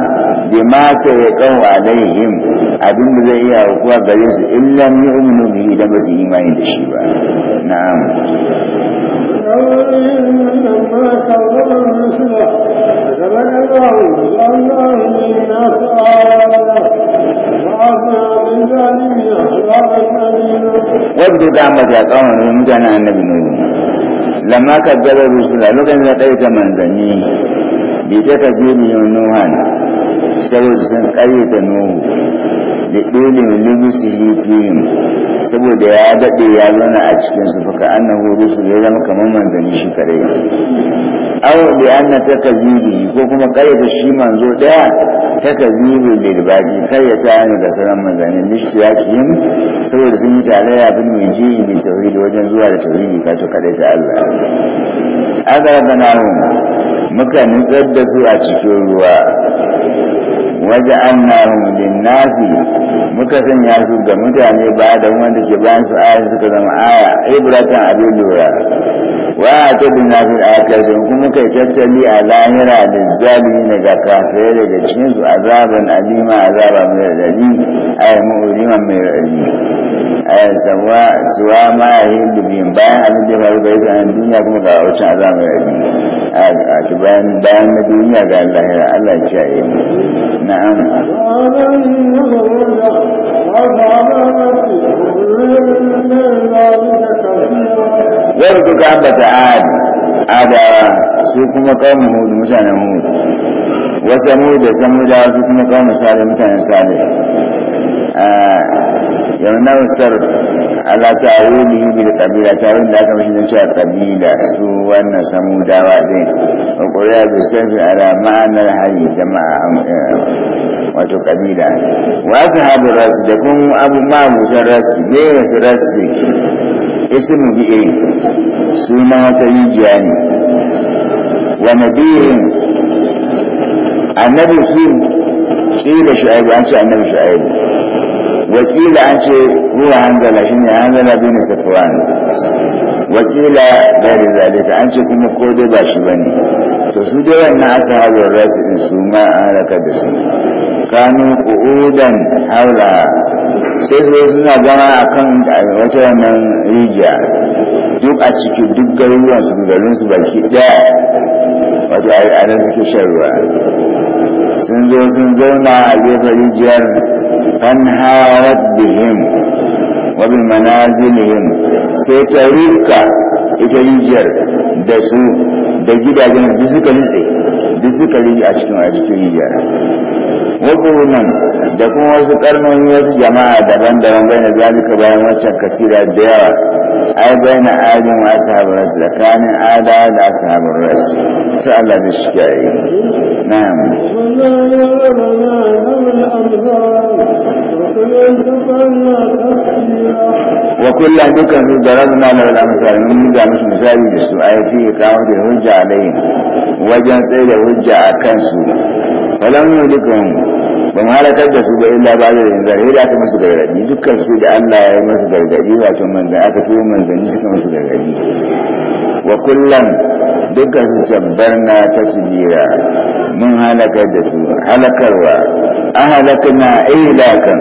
da ma sai kawo alaihim abin da zai iya hukuwa gare su illam yu'minu bihi da ba su imani da shi ba na'am لما wadda da mata kawon mutanen annabi nuhu lamma kaddabar rusula lokacin da ɗauke manzanni bi ta kaje nuhan saboda sun ƙaryata nuhu daɗaɗɗe ne limusi lifihim saboda ya daɗe ya zana a cikin su fuka horo su ya zama kamar manzanni shi kare aw bi anna takzibi ko kuma kayyata shi manzo daya takzibi lil baqi kayyata ne ga sauran manzanni lishtirakihim saboda sun yi ya bin mujiji bi tauhid wajen zuwa da tauhidi ka to kare ta Allah mu muka nutsar da su a cikin ruwa waja'annahum lin-nasi muka sanya su ga mutane ba da wanda ke bayan su aya suka zama aya ibratan abin lura wa dinna fi akhirati kuma kai tattali a lahira da zalimi na ga da daga cikinsu su azaban alima azaba mai dadi ay mu'minan mai dadi sawa suwa ma yayin dubin bayan abin da faru bai sanar duniya kuma ga wancan ya yaji a bayan bayan na duniya ga lahira Allah ya kiyaye mu na'am Yau duka ambata adi, adawa su kuma kawai hudu mutanen hudu, wasu mu da samu da su kuma kawai misali mutanen salih. Eh, yamna mustar ala ta'awunihi bil qabila ta'awun da aka mashi cewa qabila su wannan samudawa din wa qurya bi sarfi ala ma'anar hayy jama'a eh, wato qabila wa ashabu ras da kun abu ma musar ras ne su ras ismu bi e, suna wata yi ne wa nabiyin annabi su shi da shu'aibu an ce annabi shu'aibu wakila an ce huwa hanzala shi ne hanzala bin safwan wakila gari zalika an ce kuma ko dai ba shi bane to su dai wannan ashabul rasu din su ma an raka da su kanu qu'udan haula sai su suna zama akan wata wannan rijiya duk a cikin duk garuruwan su garin su baki daya wato a suke shan ruwa sun zo sun zauna a gefen rijiyar عن ربهم وبمنازلهم سيتريك إتريجر دسو دجدا جنة دسوك لزي دسوك لزي أشكو أشكو يجر وقرونا دكم wasu karnoni wasu jama'a daban-daban bai na zalika bayan wancan kasira da yawa an bai na ajin wa ashabar rasu tsakanin ada da ashabar rasu ta Allah da shi وكل يوم الأمزار وكلا انتصرنا تحتيا دكا ضربنا له الأمثال من نجا مش مثالي للسؤال فيه كامل الهجة عليهم وجن سيد الهجة أكنسوا فلم يدركهم ba mu da su ba illa ba da yanzu sai da aka masu gargadi dukkan su da Allah ya yi masu gargadi wato manzan aka tuwo manzanni suka masu gargadi wa kullum duka su tabbar na sujira mun halakar da su halakarwa a halakna ilakan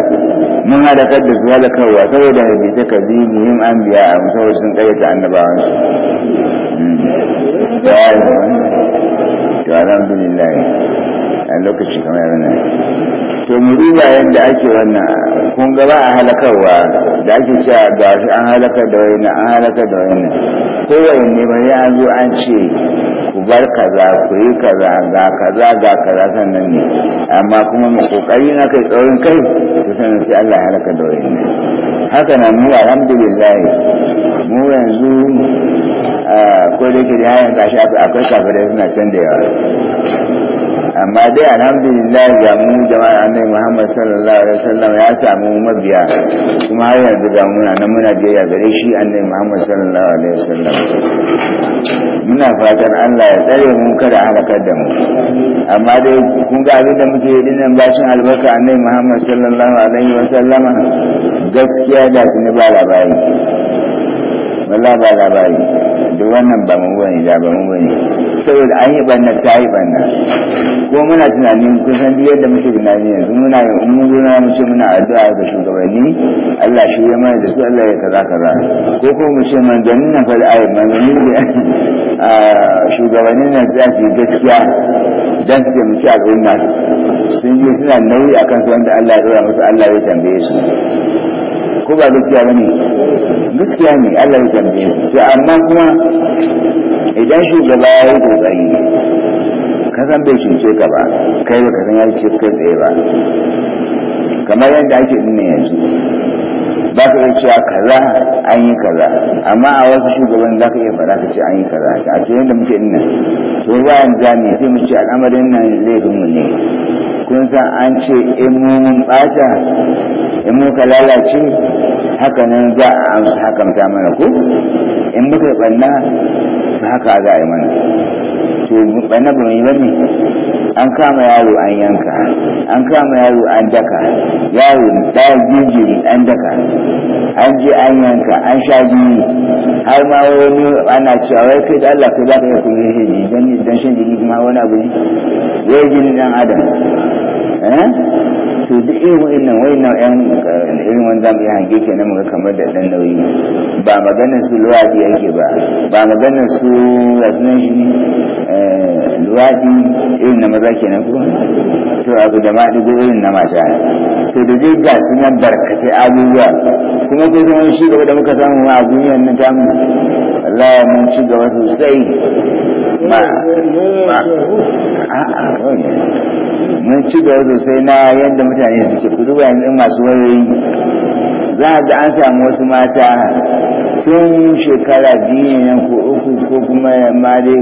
mun halakar da su halakarwa saboda da bisa ka bi muhim an biya a musawar sun ta annabawan su alhamdulillah a lokaci kamar yana to mu duba yadda ake wannan kun ga ba a halakarwa da ake cewa ga shi an halakar da wani an halakar da wani wani ne ba ya zo an ce ku bar kaza ku yi kaza ga kaza ga kaza sannan ne amma kuma mu kokari na kai tsaurin kai ku sannan sai Allah ya halaka da wani haka nan mu alhamdulillah mu yanzu ah, ko kodayake da yayin gashi akwai kafirai suna can da yawa amma dai alhamdulillah ga mu jama'a annabi Muhammad sallallahu alaihi wasallam ya samu mabiya kuma har yanzu ga mu nan muna biyayya gare shi annabi Muhammad sallallahu alaihi wasallam muna fatan Allah ya tsare mu kada halakar da mu amma dai kun ga abin da muke yi nan bashin albarka annabi Muhammad sallallahu alaihi wasallam gaskiya da kuma ba labari wallahi ba labari duk wannan ba mu bane da ba mu bane saboda an yi bannan ta yi bannan ko muna tunanin san biyar da muke tunani yanzu muna yi umu na muce muna addu'a ga shugabanni Allah shi ya mana da su Allah ya kaza kaza ko ko mu ce da nan fa ai manzanni ne a shugabannin nan za su gaskiya dan su taimaki al'umma sun yi suna nauyi akan su wanda Allah ya dora musu Allah ya tambaye su ko ba gaskiya bane gaskiya ne Allah ya tambaye su to amma kuma idan shugaba ya yi kokari ka san bai cince ka ba kai ba ka san ya ce kai tsaye ba kamar yadda ake nuna yanzu ba ka iya cewa kaza an yi kaza amma a wasu shugaban za ka iya fara ka ce an yi kaza a ce yadda muke nuna to yi jami sai mu ce al'amarin nan laifin mu ne kun san an ce in munin mun ɓata in muka lalace haka nan za a hakamta mana ku? in muka yi ɓanna haka za a yi mana ce wannan ba mai bane an kama yaro an yanka an kama yaro an daka yaro da jinjiri an daka an je an yanka an sha jini har ma wani ana cewa wai kai da Allah kai za ka yi kuma shi dan dan shan jini kuma wani abu ne wai jini dan adam Eh? to duk irin wa'annan wa'annan yan irin wanda zamu yi hange kenan muga kamar da ɗan nauyi ba maganar su luwadi yake ba ba maganar su rasnan shi eh, luwadi irin na maza kenan ko to abu da ma dugo irin na mata to da zai ga su nan barkace abubuwa kuma ko zama shi gaba da muka samu a duniyar na tamu wallahi mun ci gaba sosai ma eh, a'a mun ci gaba sosai na yadda mutane suke ku duba yanzu masu wayoyi za a ga an samu wasu mata tun shekara biyu nan ko uku ko kuma ma dai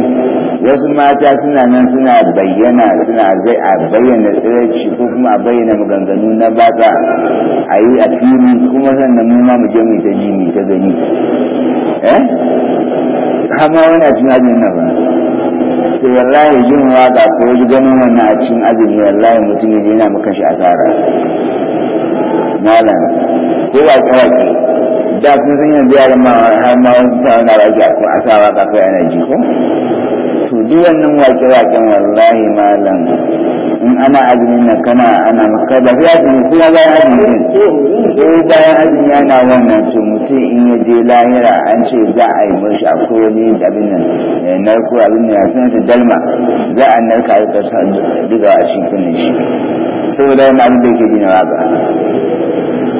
wasu mata suna nan suna bayyana suna zai a bayyana tsirrai ko kuma a bayyana maganganu na baka a yi a fili kuma sannan mu ma mu je mu ta ji mu ta gani eh har wani a cikin hajjin nan ba to wallahi jin waka ko ji ganin wannan a cikin azumi wallahi mutum ya jina maka shi asara malam ko ba ka wake da sun san yanzu yaran ma har ma wani sa wani wake a kuma asara ka kai ana ji ko to duk wannan wake waken wallahi malam ana azumin nan kana ana maka ya sai azumi kuma bayan azumi ne sai ya azumi yana wannan to mutum in ya je lahira an ce za a yi mashi a kowane abin nan eh, ku abin nan san su dalma za a narka a ƙasa diga a shi kunan shi saboda wani abin da yake jina ba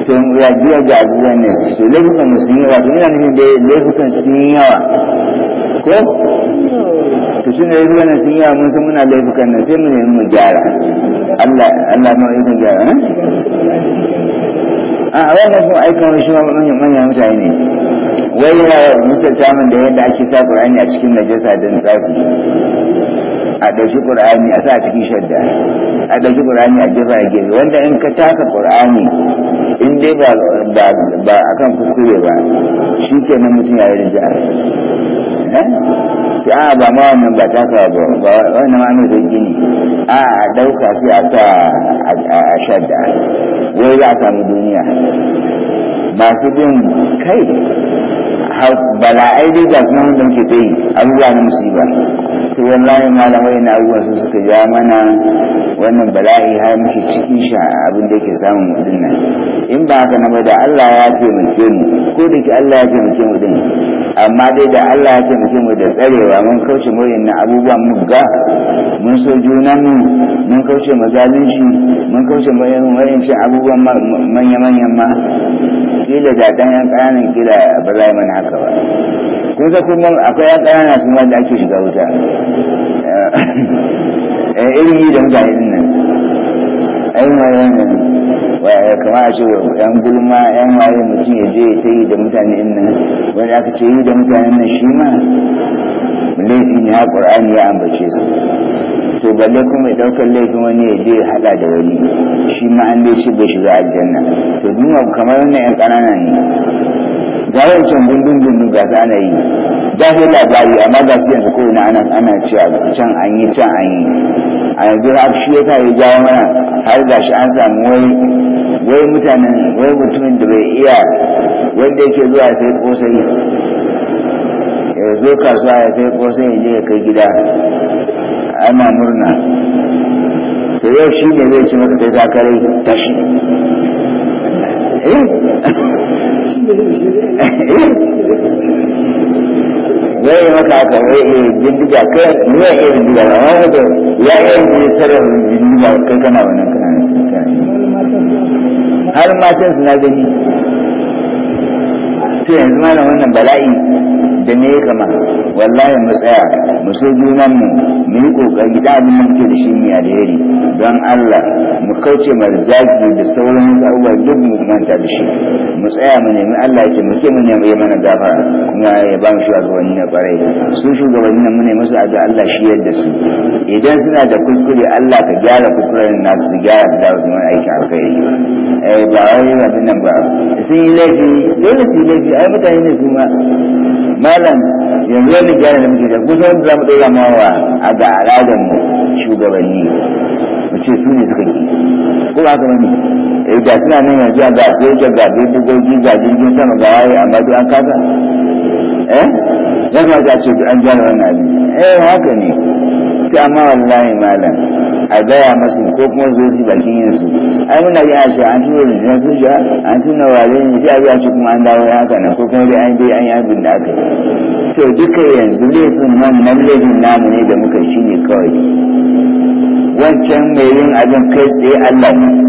ji ya ji abubuwan ne to laifukan musulmi wato yana nufin da laifukan sun yawa ko to tun da yanzu wannan sun yi mun san muna laifukan nan sai mu yi mu gyara Allah Allah ma yi gyara eh? a ah, wannan sun aikin wani shi ma manyan mutane wai yana musa samun da yadda ake sa ƙur'ani a cikin najasa don tsafi a ɗauki ƙur'ani a sa cikin shadda a ɗauki ƙur'ani a jefa a gefe wanda in ka taka ƙur'ani in dai ba a kan kuskure ba shi ke nan mutum ya yi rijiyar sai eh? a ba ma wannan ba ta ka ba wannan ma mai don gini a dauka sai a sa a shadda wai za a samu duniya masu bin kai bala'ai dai ga kuma wanda muke ta yi abubuwa na musiba to wallahi malamai na abubuwa su suka ja mana wannan bala'i har muke cikin sha abin da yake samun mutum nan in ba haka na ba da Allah ya taimake mu ko da ke Allah ya taimake mu din amma dai da Allah ya ce mu da tsarewa mun kauce moyin na abubuwan mu ga mun so juna mu mun kauce mazalunci mun kauce mu shi abubuwan manya manyan ma kila da dan yan kananan kila ba za mana haka ba kun ga kuma akwai yan ƙanana su ma da ake shiga wuta eh irin yi da mutane din nan ai wani yana kama a ce yan gulma yan waye mutum ya je ta yi da mutane nan wani aka ce yi da mutanen nan shi ma laifi ne a ƙur'ani ya ambace su to balle kuma ya ɗaukar laifin wani ya je hada da wani shi ma an dai shi bai shiga aljanna to duk kamar wannan yan ƙanana ne ga can dundun dundun ga ana yi da sai labari amma ga su yanzu ko ina ana ana cewa can an yi can an yi a yanzu har shi yasa ya jawo mana har ga shi an samu wai wai mutanen wai mutumin da bai iya wanda yake zuwa sai kosai ya zo kasuwa ya sai kosai ya je ya kai gida ana murna to yau shi ne zai ci maka kai zakarai tashi eh? wai maka aka wai iya bindiga kai ne ya iya bindiga ba wani da ya yi yi sarar bindiga kai kana wannan kana har matan suna gani to yanzu mana wannan bala'i da me ya kama wallahi mu tsaya mu so junan mu mu yi kokari da abin da muke da shi ne yari, don Allah mu kauce ma da sauran abubuwa duk manta da shi mu tsaya mu nemi Allah ya muke mu nemi ya mana gafara kuma ya ba mu shugabanni na kwarai su shugabanni nan mu nemi musu addu'a Allah shi yadda su idan suna da kuskure Allah ka gyara kuskuren na su gyara da su mai aiki alkhairi eh ba wai wannan nan ba sun yi laifi dole su yi laifi ai mutane ne su ma malam yanzu wani gyara da muke da kusan za mu ɗora mawa a ga al'adar mu shugabanni mu ce su ne suka ki ko ba ka eh ga suna nan yanzu ga soja ga bindigogi ga jirgin sama ga waye amma duk an kasa eh ya ga ta ce an jana wannan abin eh haka ne sai amma wallahi malam a gaya masu ko kuma zo su bakin yin ai muna yi ashe an tura rundunar soja an tuna wale ne sai a biya kuma an dawo ya haka nan ko kuma dai an dai an yi abin da aka yi to duka yanzu laifin wannan laifin namu ne da muka shi ne kawai wancan mai yin abin kai tsaye Allah ne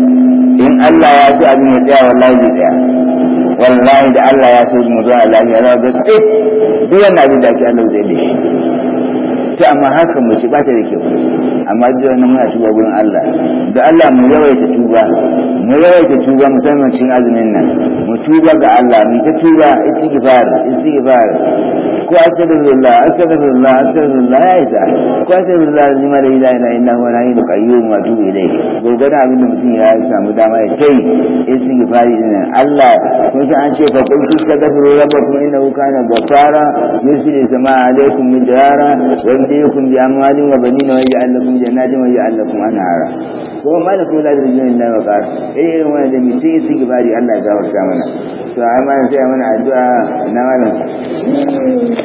Allah ya so abin ya tsaya wallahi zai tsaya wallahi da Allah ya so mu zo a lafiya na ga duk wannan abin da ake Allah zai da ta amma haka mu ci bata da kyau amma duk wannan muna tuba gurin Allah da Allah mu yawaita tuba mu yawaita tuba musamman cin azumin nan mu tuba ga Allah mu ta tuba istighfar istighfar ko astaghfirullah astaghfirullah astaghfirullah ya isa ko astaghfirullah ni ma la ilaha illa inna huwa al-hayyul qayyum wa tubu ilayhi gurgurda abin da mutum ya samu dama ya kai istighfar din Allah ko san an ce fa kun tuka da rabbakum innahu kana ghaffara yusli sama alaikum min dara wa يمددكم بأموال وبنين ويجعل لكم جنات ويجعل لكم أنهارا kuma ma da kula da rijiyar da baka eh irin wani da mutum ya ci gaba Allah ya gafarta mana to amma sai mana addu'a na